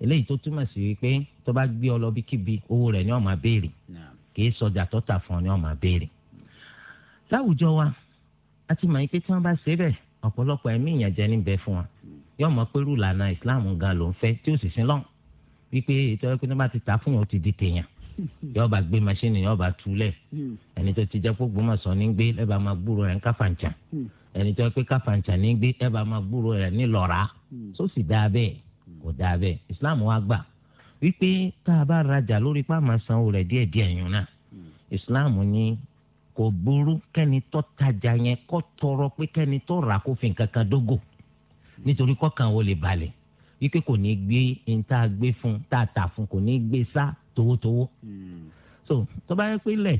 eléyìí tó túmọ̀ sí wípé tó bá gbé ọ lọ bíkíbi owó rẹ̀ ni ó máa béèrè kì í sọjà tó tà fún ni ó máa béèrè. láwùjọ wa a ti mọ̀ pé tí wọ́n bá ṣe bẹ́ẹ̀ ọ̀pọ̀lọpọ̀ ẹ̀mí ìyànjẹ níbẹ̀ fún wa yóò mọ̀ pé rúlànà ìsìláàmù gan ló ń fẹ́ tí ó sì sin lọ́n wípé ètò ẹ̀kọ́ tó bá ti tà fún yóò ti di tèèyàn yóò bá gbé machine yóò bá túlẹ̀ hmm. ẹni tó ti jẹ́ kó gbọ́mọ̀ sọ ní gbé ẹ bá máa gbúrò rẹ̀ ń káfàǹchà ẹni tó pé káfàǹchà ní gbé ẹ bá máa gbúrò rẹ̀ ní lọ́ra hmm. tó hmm. sì dáa bẹ́ẹ̀ kò dáa bẹ́ẹ̀ Islam wa gbà wípé tá a bá rajà lórí pàmò sanwó rẹ̀ díẹ̀ díẹ̀ yun náà Islam ní kò burú kẹ́ni tó tajà yẹn kó tọrọ pé kẹ́ni tó rà kó fi nǹkan kan dógò nítorí kọ́kàn wo lè balẹ̀ wípé kò ní gbé ní tá a gbé fún tá a tà fún kò ní gbé sá towótowó hmm. so tó bá yẹ pé lẹ̀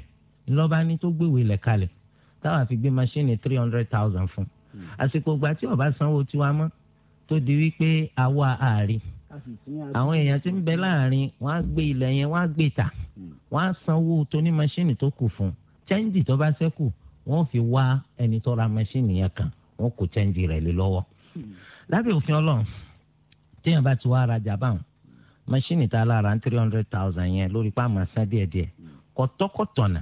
ńlọ́ba ní tó gbéwèé lẹ̀ kalẹ̀ táwa fi gbé machine three hundred thousand fún hmm. àsìkò ìgbà tí ọba sanwó tiwa mọ́ tó di wípé àwa àárín àwọn èèyàn tí ń bẹ láàrin wọn á gbé ilẹ̀ yẹn wọn á gbé ta hmm. wọn á sanwó tóní machine tó kù fún chẹ́ńjì tó bá ṣẹ́kù wọ́n fi wá ẹni tó ra machine yẹn kan wọ́n kó chẹ́ńjì rẹ̀ lé lọ́wọ́ lábẹ́ òfin ọlọ́run téèyàn bá ti wá rajà báwọn mọ́ṣíìnì tá a lára ń three hundred thousand yẹn lórí pa àmọ́ san díẹ̀ díẹ̀ kọ́tọ́kọ́tọ̀nà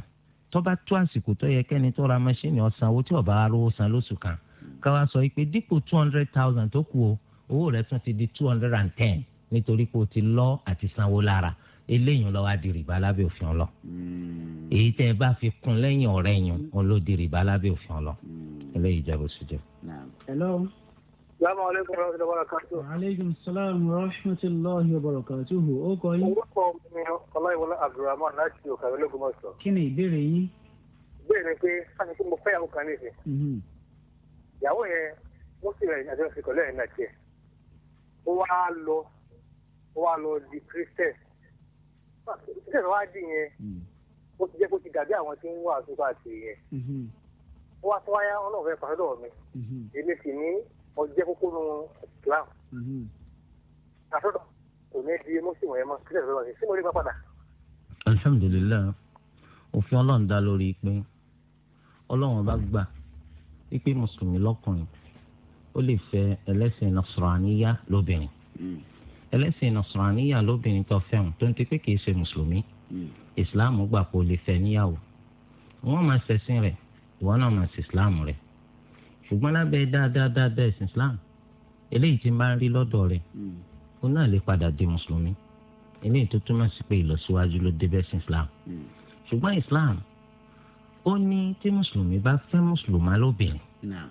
tó bá tó àsìkò tó yẹ kẹ́ni tó ra mọ́ṣíìnì ọ̀sán owó tí ọ̀bá arówó san lóṣù kan ká sọ pé dípò two hundred thousand tó kù o owó rẹ̀ tún ti di two hundred and ten nítorí pé o ti lọ àti sanwó lára eléyìí lọ́wọ́ di rìbá lábẹ́ òfin ọlọ. Hmm. èyí tẹ́ ẹ bá fi kún lẹ́yìn ọ̀rẹ́ yìí ọlọ́ọ̀ di rìbá lábẹ́ òfin ọlọ. Hmm. eléyìí jẹ́ bó ṣe Assalamu alaikum warahmatullahi wabarakatuh. Wa alaikum salam warahmatullahi wabarakatuh. Ó kọ yín. Orúkọ mi Ọláyíwọlá Abdulrahman láti Òkàwé Lógúnmọ̀sán. Kí ni ìbéèrè yín? Béèrè pé sáni pé mo fẹ́ ìyàwó kan nísìn. Mhm. Ìyàwó yẹn wọ́n sì rẹ̀ àjọṣe pẹ̀lú ẹ̀yìn náà tiẹ̀. Ó wá lọ ó wá lọ di Christian. Christian wá dì yẹn. Mhm. Ó ti jẹ́ kó ti dàbí àwọn tí ń wà àtúntò àti yẹn. Mhm. Ó wá tó wáyá ọlọ́ọ̀fẹ́ pàdé mi ọjẹ́ kókó nu islam mhm. àtọ́tọ̀ kò ní di mọ́sùn ẹ̀ mọ́ kílẹ̀ lọ́wọ́ sí mo rí bá padà. alhamdulilayi òfin ọlọ́run dá lórí pé ọlọ́run bá gbà pípé mùsùlùmí lọ́kùnrin ó lè fẹ́ ẹlẹ́sìn nasraniya lóbìnrin mm. ẹlẹ́sìn nasraniya lóbìnrin tó fẹ́hùn tó ń ti pé kìí ṣe mùsùlùmí ìsìláàmù mm. gbà kó lè fẹ́ níyàwó wọ́n máa ṣẹ̀sìn rẹ̀ ìwọ náà máa ṣe ìsìláàmù rẹ̀ ṣùgbọ́n lábẹ́ dáadáa dáadáa ẹ̀sìn islam eléyìí ti máa ń rí lọ́dọ̀ rẹ̀ ó hmm. náà lè padà di mùsùlùmí eléyìí tó túmọ̀ sí pé ìlọsíwájú ló dé bẹ́sìn islam hmm. ṣùgbọ́n islam ó ní tí mùsùlùmí bá fẹ́ mùsùlùmá lóbìnrin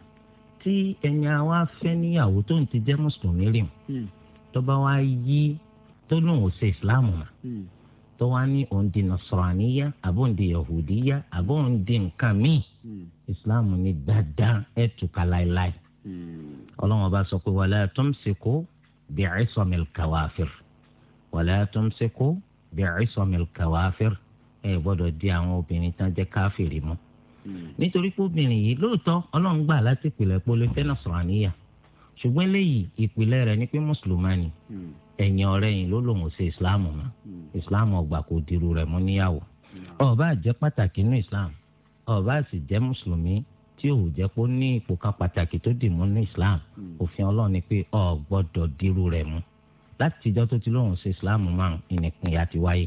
tí ẹni àwa fẹ́ níyàwó tó ń ti jẹ́ mùsùlùmí rí hmm. tó bá wá yí tó lóun ò ṣe islam mọ́ tó wá ní òun di nasraniya àbóǹdi yahudiya àbóǹdi nǹkan míì. Hmm. islam ní dáadáa ẹ̀ túká láéláé hmm. ọlọ́run ọba sọ pé wala tumsiku bi'isamil kawafir wala tumsiku bi'isamil kawafir ẹ̀ gbọ́dọ̀ di àwọn obìnrin tán jẹ́ káfìrí mọ́ hmm. nítorí pé obìnrin yìí lóòótọ́ ọlọ́run gbà láti ìpìlẹ̀ polo fẹ́ Nasraniyya ṣùgbọ́n eléyìí ìpìlẹ̀ rẹ̀ ni pé mùsùlùmánì ẹ̀yìn ọ̀rẹ́ yìí ló lòun ṣe ìsìláàmù náà ìsìláàmù ọgbà kò dirú rẹ̀ mú níyàwó ó bá jẹ́ pàtàkì nínú ìsìláàmù ọba sì jẹ́ mùsùlùmí tí ò jẹ́ pé ó ní ipò kan pàtàkì tó dì mú ní islam hmm. òfin ọlọ́run ni pé ọ gbọ́dọ̀ dirú rẹ̀ mú láti ìjọ tó ti lóun ṣe islam máa ń ìnìpínyà ti wáyé.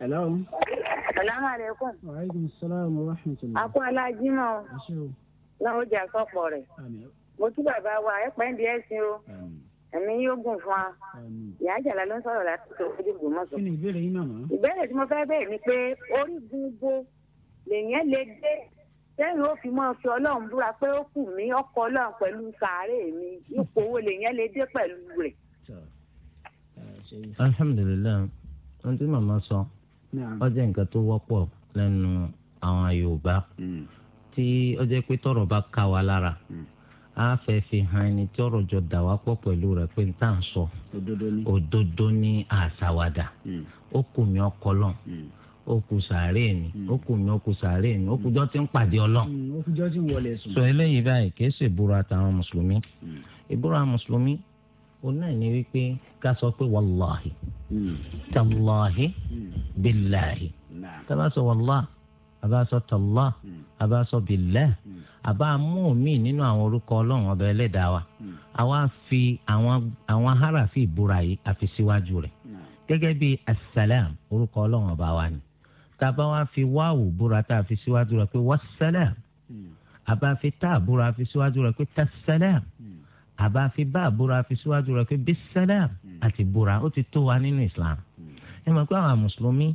hello. salaamu aleykum. wa aleykum salaam wa rahmatulah. akó alájímọ̀ o. láwọn ọjà sọ̀pọ̀ rẹ̀. mo tún bàbá wa ẹ̀ ń di ẹ̀sìn o ẹ̀mí yóò gùn fún wa ìyá àjàlá ló ń sọ̀rọ̀ láti tó ojú Ògbómọ̀ṣọ́. kí ni ìbéèrè yín màmá. ìbéèrè tí mo fẹ́ bẹ̀rẹ̀ ni pé orígun bo lèyẹn lè dé sẹ́yìn ó fi máa fi ọlọ́run búra pé ó kù mí ọkọ̀ ọlọ́run pẹ̀lú sàárè mi ipò owó lèyẹn lè dé pẹ̀lú rẹ̀. alhamdulilayi ohun tí màmá sọ ọ jẹ́ nǹkan tó wọ́pọ̀ lẹ́nu àwọn Yorùbá hmm. tí ó jẹ́ pé tọ́rọ̀ bá ká wa lára. Mm. a fẹ́ fi ẹni tí ọ̀rọ̀ jọ dà wá pọ̀ pẹ̀lú rẹ̀ pé n tà ń sọ òdodo ní àṣàwádà hmm. ó kù mí ọkọ lọ́n hmm. ó kù sàárè ni hmm. ó kù mí ó ti ń pàdé ọlọ́n. ó wọlé sùn. sọ eléyìí báyìí kì ṣe ìbúra àtàwọn mùsùlùmí ìbúra mùsùlùmí òun náà ni wípé ká sọ pé abáṣọ tọlá abáṣọ bìlẹ àbámú mi nínú àwọn orúkọ Ọlọ́run ọba Ẹlẹ́dàá wa àwa fi àwọn àwọn harafi ìbúra yìí àfi síwájú rẹ̀ gẹ́gẹ́ bí asalaam orúkọ Ọlọ́run ọba wa ni tàbá wa fi wáwù búra tá a fi síwájú rẹ̀ pé wasalaam àbáfi tá a búra fi síwájú rẹ̀ pé tasalaam àbáfi bá a búra fi síwájú rẹ̀ pé bisalaam àti búra ó ti tó wa nínú Islam ẹ mọ̀ pé àwọn mùsùlùmí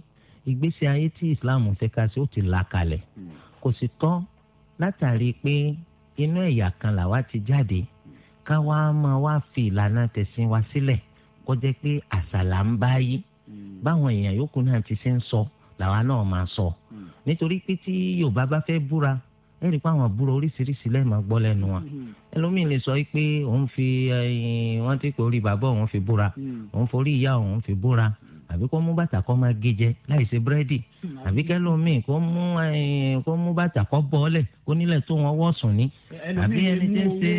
ìgbésí ayé tí islam fẹ́ ká sí ó ti là kalẹ̀ kò sì tọ́ látàrí pé inú ẹ̀yà kan làwa ti jáde ká wá máa wá fi ìlànà tẹ̀sìn wa sílẹ̀ kó jẹ́ pé àṣà là ń bá yí báwọn èèyàn yòókù náà ti ṣe ń sọ làwa náà máa sọ nítorí pé tí yorùbá bá fẹ́ búra ẹ̀rí pé àwọn búra oríṣiríṣi lẹ́ẹ̀ máa gbọ́ lẹ́nu wa ẹlòmíì lè sọ pé òun fi eh, wọ́n ti pè orí bàbá òun fi búra òun forí ìyá òun fi búra àbí kó mú bàtà kó máa gé jẹ láì ṣe búrẹ́dì hmm, àbí kẹlòmíì kó mú kó mú bàtà kó bọ́ọ̀lẹ̀ kó nílẹ̀ tó wọn wọ́ sùn ní àbí ẹni tí ń ṣe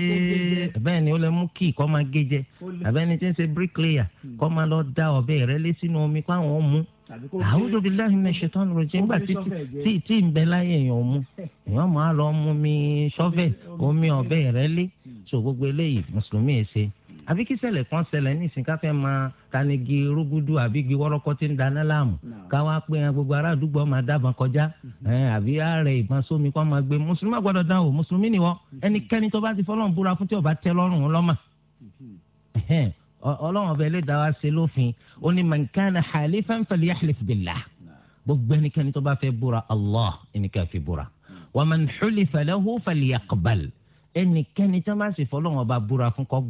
bẹ́ẹ̀ ni ó lè mú kí kó máa gé jẹ àbí ẹni tí ń ṣe bricklayer hmm. kó máa lọ da ọ̀bẹ rẹ̀ lé sínú omi kó àwọn mú àwùjọ bíi láàrin náà ṣetán ló jẹ nígbà tí tí ń bẹ láyé èèyàn mú èèyàn máa lọ mú mi ṣọ́fẹ̀ omi ọ̀bẹ rẹ̀ lé hmm. so gbogbo eléyìí mùsùlùmí ẹ ṣe àbí kí ṣẹlẹ̀ kan ṣẹlẹ̀ nísìnyí ká fẹ́ máa tanigi rúgúdù àbí igi wọ́rọ́kọ́ tí ń dáná láàmú ká wá pé gbogbo ará àdúgbò máa dábàá kọjá mhm. àbí ààrẹ ìbọn sómi kọ́ máa gbé mùsùlùmí àgbọ̀dọ̀ dán o mùsùlùmí ni wọ́n mhm. ẹnikẹ́ni tó bá ti fọlọ́run búra fún tí ó bá tẹ́ lọ́rùn ọlọ́mà mhm. ọlọ́run ọbẹ̀ lè dá wa ṣe lófin ó ní man kana halifan falyahlif billah gbogbo ẹnikẹ́ni tó bá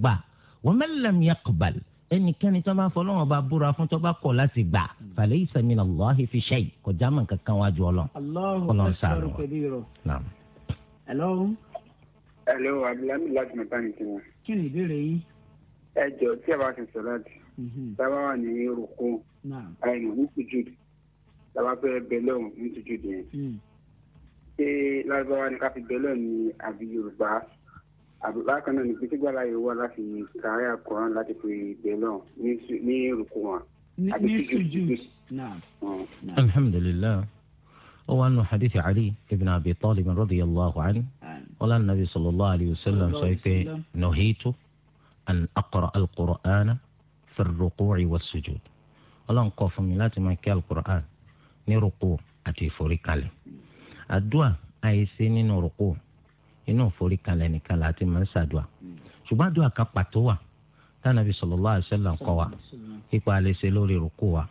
fẹ́ wa man lam yaqbal ẹnikẹ́ni tó bá fọlọ́wọ́n bá búra fún tó bá kọ̀ láti gbà falaysa min Allahi fi shay kọjá mọ̀ kankan wájú ọlọ́run ọlọ́run sáré wọn. Hello. Hello, Abdulhamid láti mẹ́tàní ti wọn. Kí ni ìbéèrè yín? Ẹ jọ tí a bá ṣe sọ̀láàtì. Mhm. Tábà wà ní Rukú. Àìmọ̀ ní Sujud. Tábà fẹ́ bẹ̀lẹ̀ ọ̀hún ní Sujud yẹn. Mhm. Ṣé Lárúbáwá ni ká fi bẹ̀lẹ̀ ní àbí Yorùbá? àbúbákan náà ní pé sígbà láyé wá láti kàáyà kọ́ran láti fi bẹ̀lọ̀ ní rúkú wọn. ní sùjú alhamdulilayi ó wà nù hadithi ali ibn abi talib radiyallahu anhu wala nabi sallallahu alayhi wa sallam sọ pé nuhitu an aqra alqur'ana fi rukuci wa sujud ọlọ́run kọ̀ fún mi láti máa kí alqur'an ní rúkú àti ìforíkalẹ̀ àdúrà àìsí nínú rúkú inú ìforíkalẹ̀ nìkan láti máa ń ṣàdùà ṣùgbọ́n àdúrà kan pàtó wà tánàbí sallallahu alaihi wasallam kọ́ wa ipa àlẹsẹ lórí rúkú wa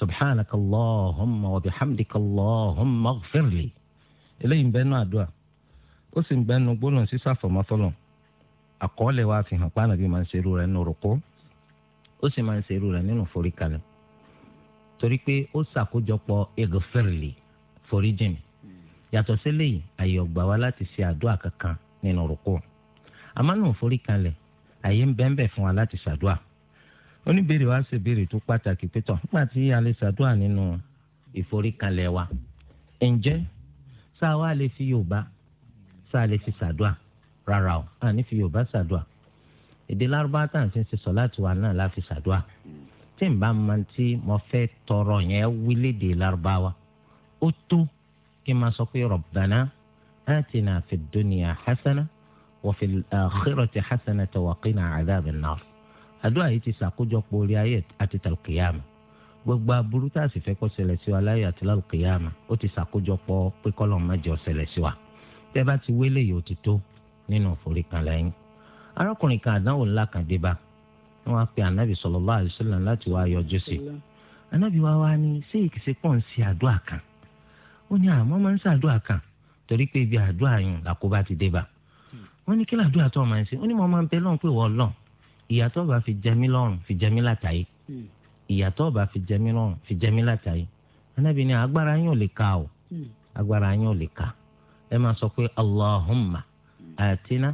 subhanaka allahumma wa bihamdika allahumma ighfirli eléyìí ń bẹ nú àdúrà ó sì ń bẹ nú gbólóhùn sísá fọmọfọlọ àkọọ́lẹ̀ wa fi hàn pánàbí máa ń ṣerú rẹ̀ nínú rúkú ó sì máa ń ṣerú rẹ̀ nínú ìforíkalẹ̀ torí pé ó ṣàkójọpọ̀ ighfirli foríjìn yàtọ̀ sílẹ̀ yìí àyè ọ̀gbà wa láti ṣe àdúrà kankan nínú rúkú àmánù forí kanlẹ̀ àyè ń bẹ́ńbẹ̀ fún wa láti ṣàdúrà oníbèrè wa ṣe béèrè tó pàtàkì pé tán nígbà tí a lè ṣàdúrà nínú ìforíkanlẹ̀ wa ǹjẹ́ sáà wa lè fi Yorùbá sáà lè fi ṣàdúrà rárá o àní fi Yorùbá ṣàdúrà èdè lárúbá tá à ń fi ṣe sọláàtì wa náà láfi ṣàdúà tí n bá máa ti mo fẹ́ tọrọ yẹn wí lédè lárúbáwá ó tó kí n máa sọ pé rabbana atina fid dunya hasana wa fil akhirati hasana wa qina adhaban nar àdúrà yìí ti ṣàkójọpọ̀ orí ayé àti tàlùkìyàmù gbogbo aburú tá a sì fẹ́ kó ṣẹlẹ̀ sí wa láyé àti lálùkìyàmù ó ti ṣàkójọpọ̀ pé kọ́lọ̀ má jẹ́ ó ṣẹlẹ̀ sí wa tẹ́ bá ti wélé yìí ó ti tó nínú ìforíkan lẹ́yìn. arákùnrin kan àdánwò ńlá kan dé bá wọn pe anabi sallallahu alaihi wasallam láti wá yọjú sí anabi wa wá ní ṣé ìkìsí ń ṣe àdúrà kan ó ní àmọ́ ah, máa ń ṣàdúrà kan torí pé ibi àdúrà yẹn làkóbá ti dé bá wọ́n ní kí làdúrà tó máa ń ṣe ó ní mo máa ń bẹ lọ́run pé wọ́n lọ́n ìyàtọ̀ bá fi jẹ mí lọ́rùn fi jẹ mí látàyè ìyàtọ̀ bá fi jẹ mí lọ́rùn fi jẹ mí látàyè anábì ní agbára yín ò lè ka o agbára yín ò lè ka ẹ máa sọ pé allahumma atina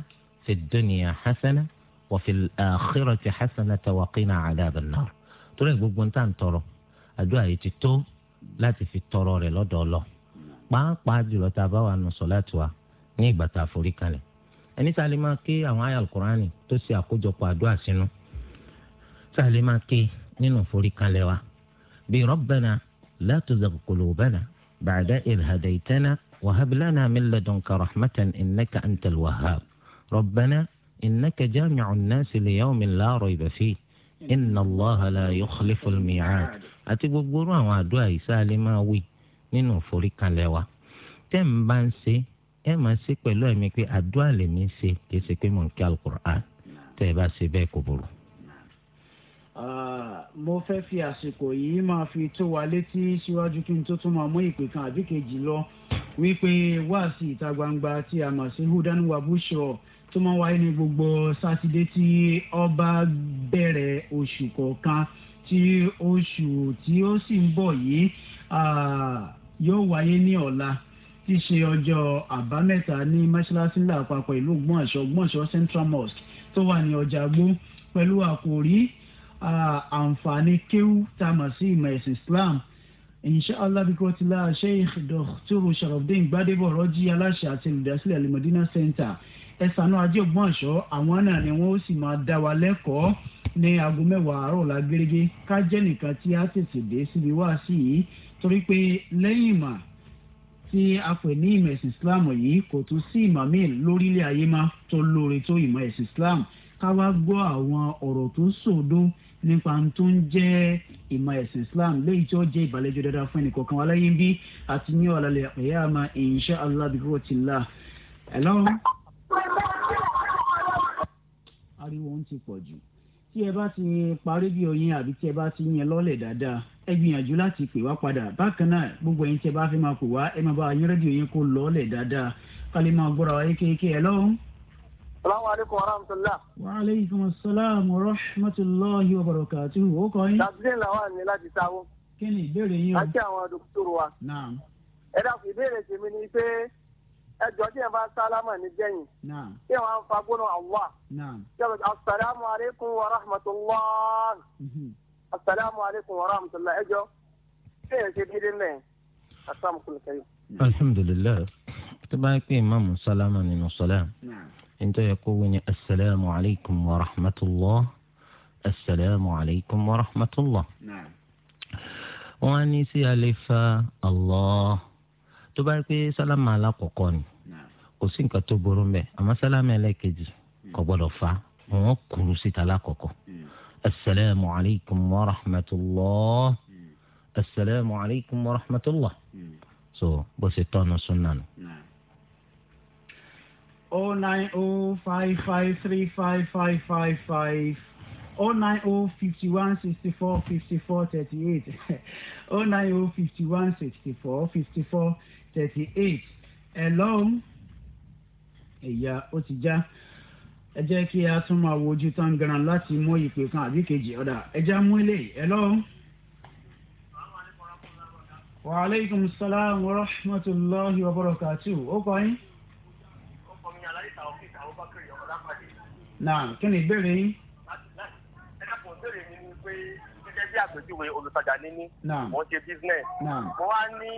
fi dunya hasana wa fi akhirati hasana tawakina adhaban torí gbogbo ń tọrọ àdúrà yìí ti tó láti fi tọrọ rẹ lọ́dọ̀ pàápàá jùlọ tá a bá wà nù sọ̀láàtì wa ní ìgbà tá a forí kalẹ̀ ẹni tá a lè máa ké àwọn àyà alukurani tó ṣe àkójọpọ̀ àdúrà sínú tá a lè máa ké nínú forí kalẹ̀ wa bí rabbana la tuzigh qulubana ba'da idh hadaytana wa hab lana min antal wahhab rabbana innaka jami'un nasi li yawmin la rayba fihi inna allaha la yukhlifu al-mi'ad àti gbogbo àwọn àdúrà yìí tá nínú ìforíkalẹ̀ wa tẹ́ ń bá ń ṣe ẹ máa ṣe pẹ̀lú ẹ̀mí pé àdúrà lèmi ṣe kì í ṣe pé mò ń kí alukur'an tẹ́ ẹ bá ṣe bẹ́ẹ̀ kò burú. mo fẹ́ fi àsìkò yìí máa fi tó wa létí síwájú kí n tó tún máa mú ìpè kan àbí kejì lọ wípé wáàsí ìta gbangba tí a mọ̀ sí húdánù wàbúṣọ tó máa wáyé ní gbogbo sátidé tí ọba bẹ̀rẹ̀ oṣù kọ̀ọ̀kan tí oṣù tí ó sì ń bọ̀ yìí yóò wáyé ní ọ̀la tí ṣe ọjọ́ àbámẹ́ta ní mọ́ṣáláṣí ńlá ìlú gbọ̀nsọ̀ gbọ̀nsọ̀ central mosque tó wà ní ọjà gbó pẹ̀lú àkòrí àǹfààní kéwú tá a mọ̀ sí ìmọ̀ ẹ̀sìn islam inshallah bí kò sheikh dr sharafdin gbadebo rọjí aláṣẹ àti olùdásílẹ̀ alimọdínà center ẹsànú ajé ògbóǹṣọ àwọn náà ni wọn ó sì máa dá wa lẹ́kọ̀ọ́ ní aago mẹ́wàá àárọ̀ la gẹ́gẹ́ ká jẹ́ nìkan tí a tètè dé síbi wá sí i torí pé lẹ́yìn ìmọ̀ tí a pè ní ìmọ̀ ẹ̀sìn islam yìí kò tún sí ìmọ̀ míì lórílẹ̀ ayé má tó lóore tó ìmọ̀ ẹ̀sìn islam ká wá gbọ́ àwọn ọ̀rọ̀ tó sòdo nípa tó ń jẹ́ ìmọ̀ ẹ̀sìn islam léyìí tí ó jẹ́ ìbàlẹ́jọ́ dáadáa fún ẹnì kọ̀ọ̀kan aláyé ń bí àti ní ọ̀làlẹ̀ ẹ̀yà àmà insha Allah bi quwwatillah. hello. ariwo ń ti pọ̀ jù tí ẹ bá ti parí bí oyin àbí tí ẹ bá ti yẹn lọ́lẹ̀ dáadáa ẹ gbìyànjú láti pè wá padà bákan náà gbogbo ẹ̀yin tí ẹ bá fi máa pè wá ẹ máa bá yín rédíò yín kó lọ́lẹ̀ dáadáa kálí máa gbọ́ra wáyé kéèké ẹ lọ́hùn. salaamu aleykum wa rahmatulah. wa aleykum salaam wa rahmatulahi wa barakatuhu o kọ yín. dàbílẹ̀ làwọn àmì láti sáwọ́. kí ni ìbéèrè yín o. àti àwọn dókítà wa. naam. ẹ dàpọ̀ ìbéèrè tèmi ni pé ẹjọ́ tí yẹn bá sálámà ní jẹ́yìn tí yẹn wá ń fagbóná allah yàtọ̀ asalaamu aleykum wa rahmatulah mhm. asalaamu aleykum wa rahmatulah ẹjọ́ tí yẹn ṣe dídí mẹ́ẹ̀ asalaamualeykum. alhamdulilayi tó bá yẹ pé imaamu sálámà nínú sọlá nítorí yẹ kó wíni asalaamu aleykum wa rahmatulah asalaamu aleykum wa rahmatulah. wọ́n á ní sí àlefa allah tó bá rí pé sálámà alákọ̀ọ́kọ́ ni kò sí nǹkan tó burú mbẹ àmọ́ sálámà ẹlẹ́ẹ̀kejì kò gbọ́dọ̀ fa wọn kúrú síta alákọ̀ọ́kọ́ asalaamu alaykum wa rahmatulah asalaamu alaykum wa rahmatulah so bó ṣe tọ́nu súnà nù. o oh nine o oh five five three five five five five oh nine oh fifty one sixty four fifty four thirty eight oh nine oh fifty one sixty four fifty four thirty eight ẹ lọ́hùn ẹ̀yà ó ti já ẹ jẹ́ kí a tún máa wo ojú tán garan láti mú ìpè kan àbí kejì ọ̀dà ẹ mú ilé ẹ lọ́hùn. salaam wa rahmatulahi wa barakatuh ó kọ́ yín. ó kọ́ mi ní aláìsàn ọ̀fíìsì àwọn bá kiri ọ̀dà pàdé. náà kí ni ìbéèrè yín. pé gẹ́gẹ́ bí àpèjúwe olùtajà ní mí mo ń ṣe business mo wá ní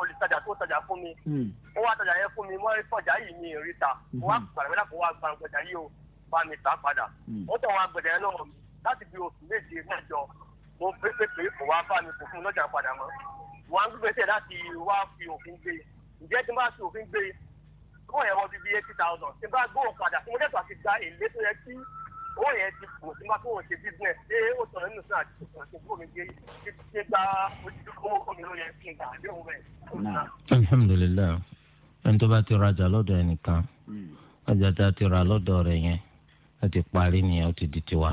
olùtajà tó tajà fún mi hmm. ó wá tajà yẹn fún mi mo sọjà yìí mi ta mo wá gbàgbé hmm. láti wá o bá mi tà padà hmm. ó tọ̀ wá gbẹ̀dẹ̀ yẹn mi láti oṣù méje mẹ́jọ mo pépé pé kò wá bá mi kò fún mi lọ́jà padà mọ́ wá ń fi òfin gbé ǹjẹ́ tí bá fi òfin gbé eighty thousand tí bá gbóhùn padà tí owó yẹn ti kù sí máa tó wọn ṣe business ṣé ó sọ̀rọ̀ nínú sínú àti sọ̀rọ̀ ṣe fún mi ṣe ṣe gba ojúdó owó kọ́ mi ló yẹ kí n gbà àbí òun bẹ́ẹ̀. alhamdulilayi ẹni tó bá ti rajà lọ́dọ̀ ẹnìkan hmm. ọjà tá a ti ra lọ́dọ̀ rẹ̀ yẹn ó ti parí nìyẹn ó ti di tiwa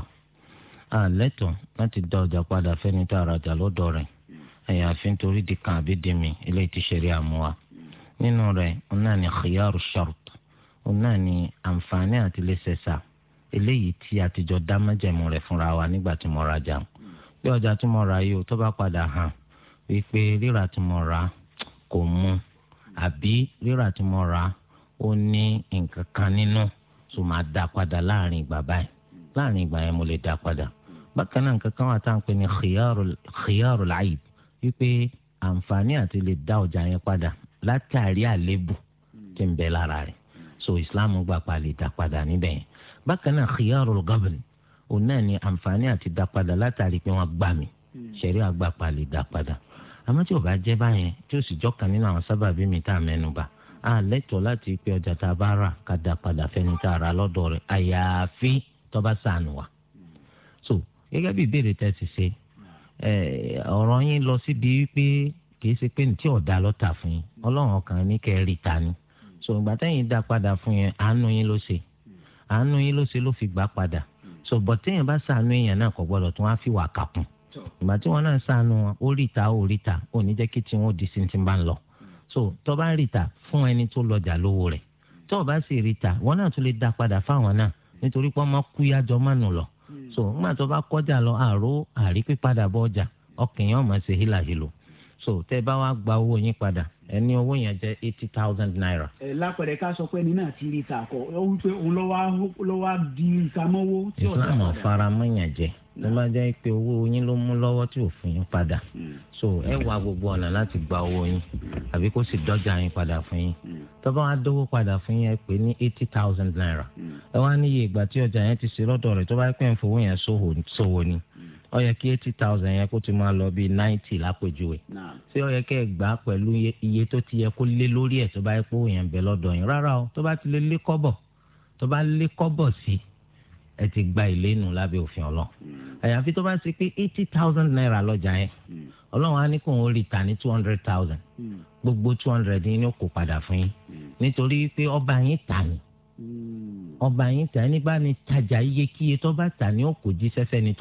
àlẹ́tọ̀ láti dá ọjà padà fẹ́ni tá a rajà lọ́dọ̀ rẹ̀ hmm. àyàfi nítorí di kan àbí di mi ilé ti ṣeré àmúwa hmm. nínú rẹ̀ ọ̀nà ni khiyaru shart ọ̀nà ni àǹfààní àti lè ṣẹ̀ṣà eléyìí tí a ti jọ dá májẹ̀mú rẹ̀ fúnra wa nígbà tí mo rajà pé ọjà tí mo ra yìí o tó bá padà hàn wípé rírà tí mo ra kò mú àbí rírà tí mo ra ó ní nǹkan kan nínú tó máa dá padà láàrin ìgbà báyìí láàrin ìgbà yẹn mo lè dá padà bákan náà nǹkan kan wà tá à ń pè ní khiyarul aib wípé àǹfààní àti lè dá ọjà yẹn padà látàrí àléébù tí ń bẹ lára rẹ̀ so Islam gbà pa lè dá padà níbẹ̀ yẹn bákan náà khiyarul govern òun náà ni àǹfààní àti dápadà látàrí pé wọ́n gbà mí hmm. ṣẹ̀rí àgbàpá lè dápadà àmọ́ tí ò bá jẹ́ báyẹn tí ó sì jọ́kan nínú àwọn sábàbí mi tá a mẹ́nuba a lẹ́tọ̀ọ́ láti pé ọjà tá a bá rà ká dápadà fẹ́ni tá a rà lọ́dọ̀ rẹ̀ àyàfi tó sànù wa. so gẹ́gẹ́ bí ìbéèrè tẹ́ ti ṣe ọ̀rọ̀ yín lọ síbi wípé kìí ṣe pé tí ọ̀dà lọ tà fún yín ọlọ́run ọkàn ní kẹ́ ta ni so ìgbà tẹ́yìn dá fún yẹn àánú yín ló ṣe àánú yín ló ṣe ló fi gbà padà hmm. so bọ̀tẹ́yìn bá ṣàánú èèyàn náà kò gbọ́dọ̀ tún wá fi wà kàkùn ìgbà tí wọn náà ṣàánú wọn ó rí ta ó rí ta ó ní jẹ́ kí tiwọn di sí ti bá ń lọ hmm. so tó bá rí ta fún ẹni tó lọjà lówó rẹ̀ hmm. tó o bá sì rí ta wọn náà tún lè dá padà fáwọn náà nítorí pé ọmọ kú yájọ mánu lọ so nígbà tó bá kọjá lọ àrò àrí pípadà bọ ọjà ọkàn yẹn ọmọ ṣe hílàhílò so tẹ bá wá gba owó yín padà ẹni owó yẹn jẹ́ eighty thousand naira. ẹ lápẹẹrẹ ká sọ pé ẹni náà ti rí ta kọ ó wí pé òun lọ́wọ́ di ìkámọ́wó. islam ọ̀faramọ́yàn jẹ ló bá jẹ́ pé owó yín ló mú lọ́wọ́ tí òfin yín padà hmm. so ẹ wá gbogbo ọ̀nà láti gba owó yín àbí kó sì dọ́jà yín padà fún yín hmm. tó bá wá dówó padà fún yín ẹ pè ní eighty thousand naira hmm. ẹ wá níye ìgbà tí ọjà yẹn ti ṣe lọ́dọ̀ rẹ̀ tó bá pẹ́ ń fowó yẹn ṣòwò ni. Mm ó yẹ kí eighty thousand yẹn kó ti máa lọ bíi ninety lápèjúwe ṣé ó yẹ kẹ́ ẹ gbà pẹ̀lú iye tó ti yẹ kó lé lórí ẹ̀ tó bá yẹ kó yẹn bẹ̀ lọ́dọ̀ yẹn rárá o tó bá ti lé lé kọ́bọ̀ tó bá lé kọ́bọ̀ sí ẹ ti gba ìlénu lábẹ́ òfin ọlọ́ mm. àyàfi tó bá ṣe pé eighty thousand naira lọ́jà yẹn mm. ọlọ́run á ní kó ń rí ta ní two hundred thousand mm. gbogbo two hundred yín ni ó kó padà fún yín nítorí pé ọba yín ta ni ọba yín tà ní bá ní tajà iye kíye tó bá tà ní òkò jíṣẹ́ sẹ́ni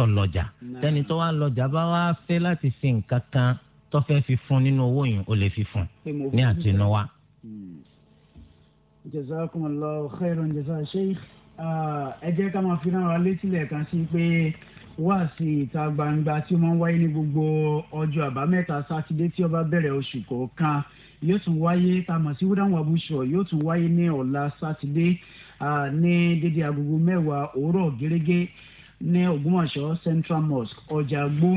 tó lọ́jà sẹ́ni tó wá lọ́jà bá wá fẹ́ láti fi nǹkan kan tó fẹ́ fi fún nínú owó yìí ó lè fi fún ní àtinúwá. Hmm. jazakumullahu khairan jaza sheikh ah, ẹ jẹ́ ká máa fi rán wa létí lẹ́ẹ̀kan sí pé wáàsí ìta gbangba tí ó máa ń wáyé ní gbogbo ọjọ́ àbámẹ́ta sátidé tí ó bá oṣù kọ̀ọ̀kan yóò tún wáyé tá a mọ̀ sí wúdà wàbú ṣọ yóò tún wáyé ní ọ̀la sátidé ní dédé agogo mẹ́wàá òwúrọ̀ gẹ́gẹ́ ní Ògbómọ̀ṣọ́ Central Mosque ọjà gbó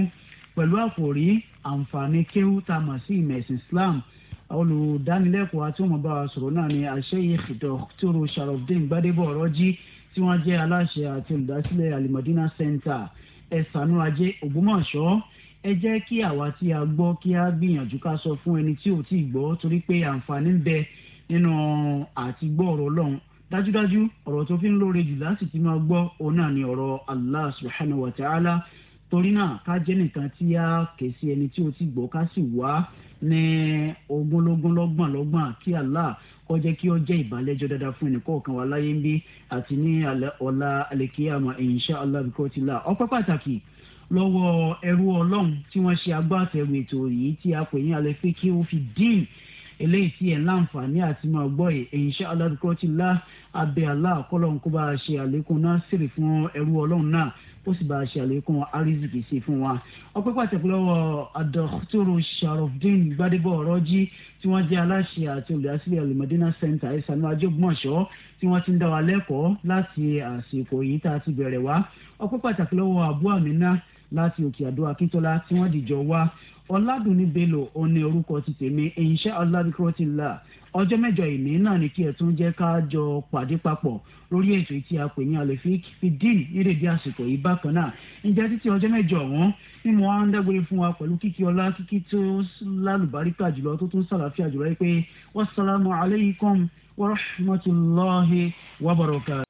pẹ̀lú àkòrí àǹfààní kéwú tá a mọ̀ sí ìmẹ̀sìn Islam olùdánilẹ́kọ̀ọ́ àti ọmọọba sọ̀rọ̀ náà ni Sheikh Dr. Sharafdin Gbadebo Ọ̀rọ̀jì tí wọ́n jẹ́ aláṣẹ àti olùdásílẹ̀ Alimadina Center ẹ̀sánú ajé Ògbómọ̀ṣọ́ ẹ jẹ́ kí àwa tí a gbọ́ kí a gbìyànjú ká sọ fún ẹni tí ò tí ì gbọ́ torí pé àǹfààní ń bẹ nínú àti gbọ́ ọ̀rọ̀ Ọlọ́run dájúdájú ọ̀rọ̀ tó fi ń lóore jù láti máa gbọ́ òun náà ni ọ̀rọ̀ Allah subhanahu wa ta'ala torí náà ká jẹ́ nìkan tí a kè sí ẹni tí ó ti gbọ́ ká sì wá ní ogúnlógún lọ́gbọ̀n lọ́gbọ̀n kí Allah kó jẹ́ kí ó jẹ́ ìbàlẹ́jọ́ dáadáa fún ẹnì kọ̀ọ̀kan wa láyé ń bí àti ní ọ̀la àlèkíyàmọ̀ insha Allah bíkọ́ ti là ọpẹ́ pàtàkì lọ́wọ́ ẹrú ọlọ́run tí wọ́n ṣe agbátẹrù ètò yìí tí a pè ní al-fiqhu fi din eléyìí tí ẹ̀ láǹfààní àti máa gbọ́ ẹ̀ insha Allah ti lá abẹ́ Allah kọ́lọ́hún kó bá a ṣe àlékún náà sírì fún ẹrú ọlọ́run náà ó sì bá a ṣe àlékún arizikì sí fún wa. ọpẹ́ pàtàkì lọ́wọ́ adọ́tòrò sharofdin gbadebo ọ̀rọ́jì tí wọ́n jẹ́ aláṣẹ àti olùdásílẹ̀ alimọ̀dínà center ìsànú ajógbọ̀nsọ́ tí wọ́n ti ń dá wa lẹ́kọ̀ọ́ láti àsìkò yìí tá a ti bẹ̀rẹ̀ wá. ọpẹ́ pàtàkì lọ́wọ́ àbú àmínà láti òkè àdó akíntola tí wọ́n dìjọ wá ọ̀làdùnní bello ọ̀nì orúkọ ti tèmi ìyìnṣẹ́ ọ̀làdìkọ́tìlá ọjọ́ mẹ́jọ ìní náà ni kí ẹ tún jẹ́ ká jọ pàdé papọ̀ lórí ètò tí a pè ní alefik fidin nídèédé àsìkò yìí bákan náà ǹjẹ́ títí ọjọ́ mẹ́jọ ọ̀hún ni mo á ń dágbére fún wa pẹ̀lú kíkí ọlá kíkí tó lálùbáríkà jùlọ tó tún sàlàfíà jùlọ yìí pé wassalamu alaikum warahmatullahi wabarakatuh.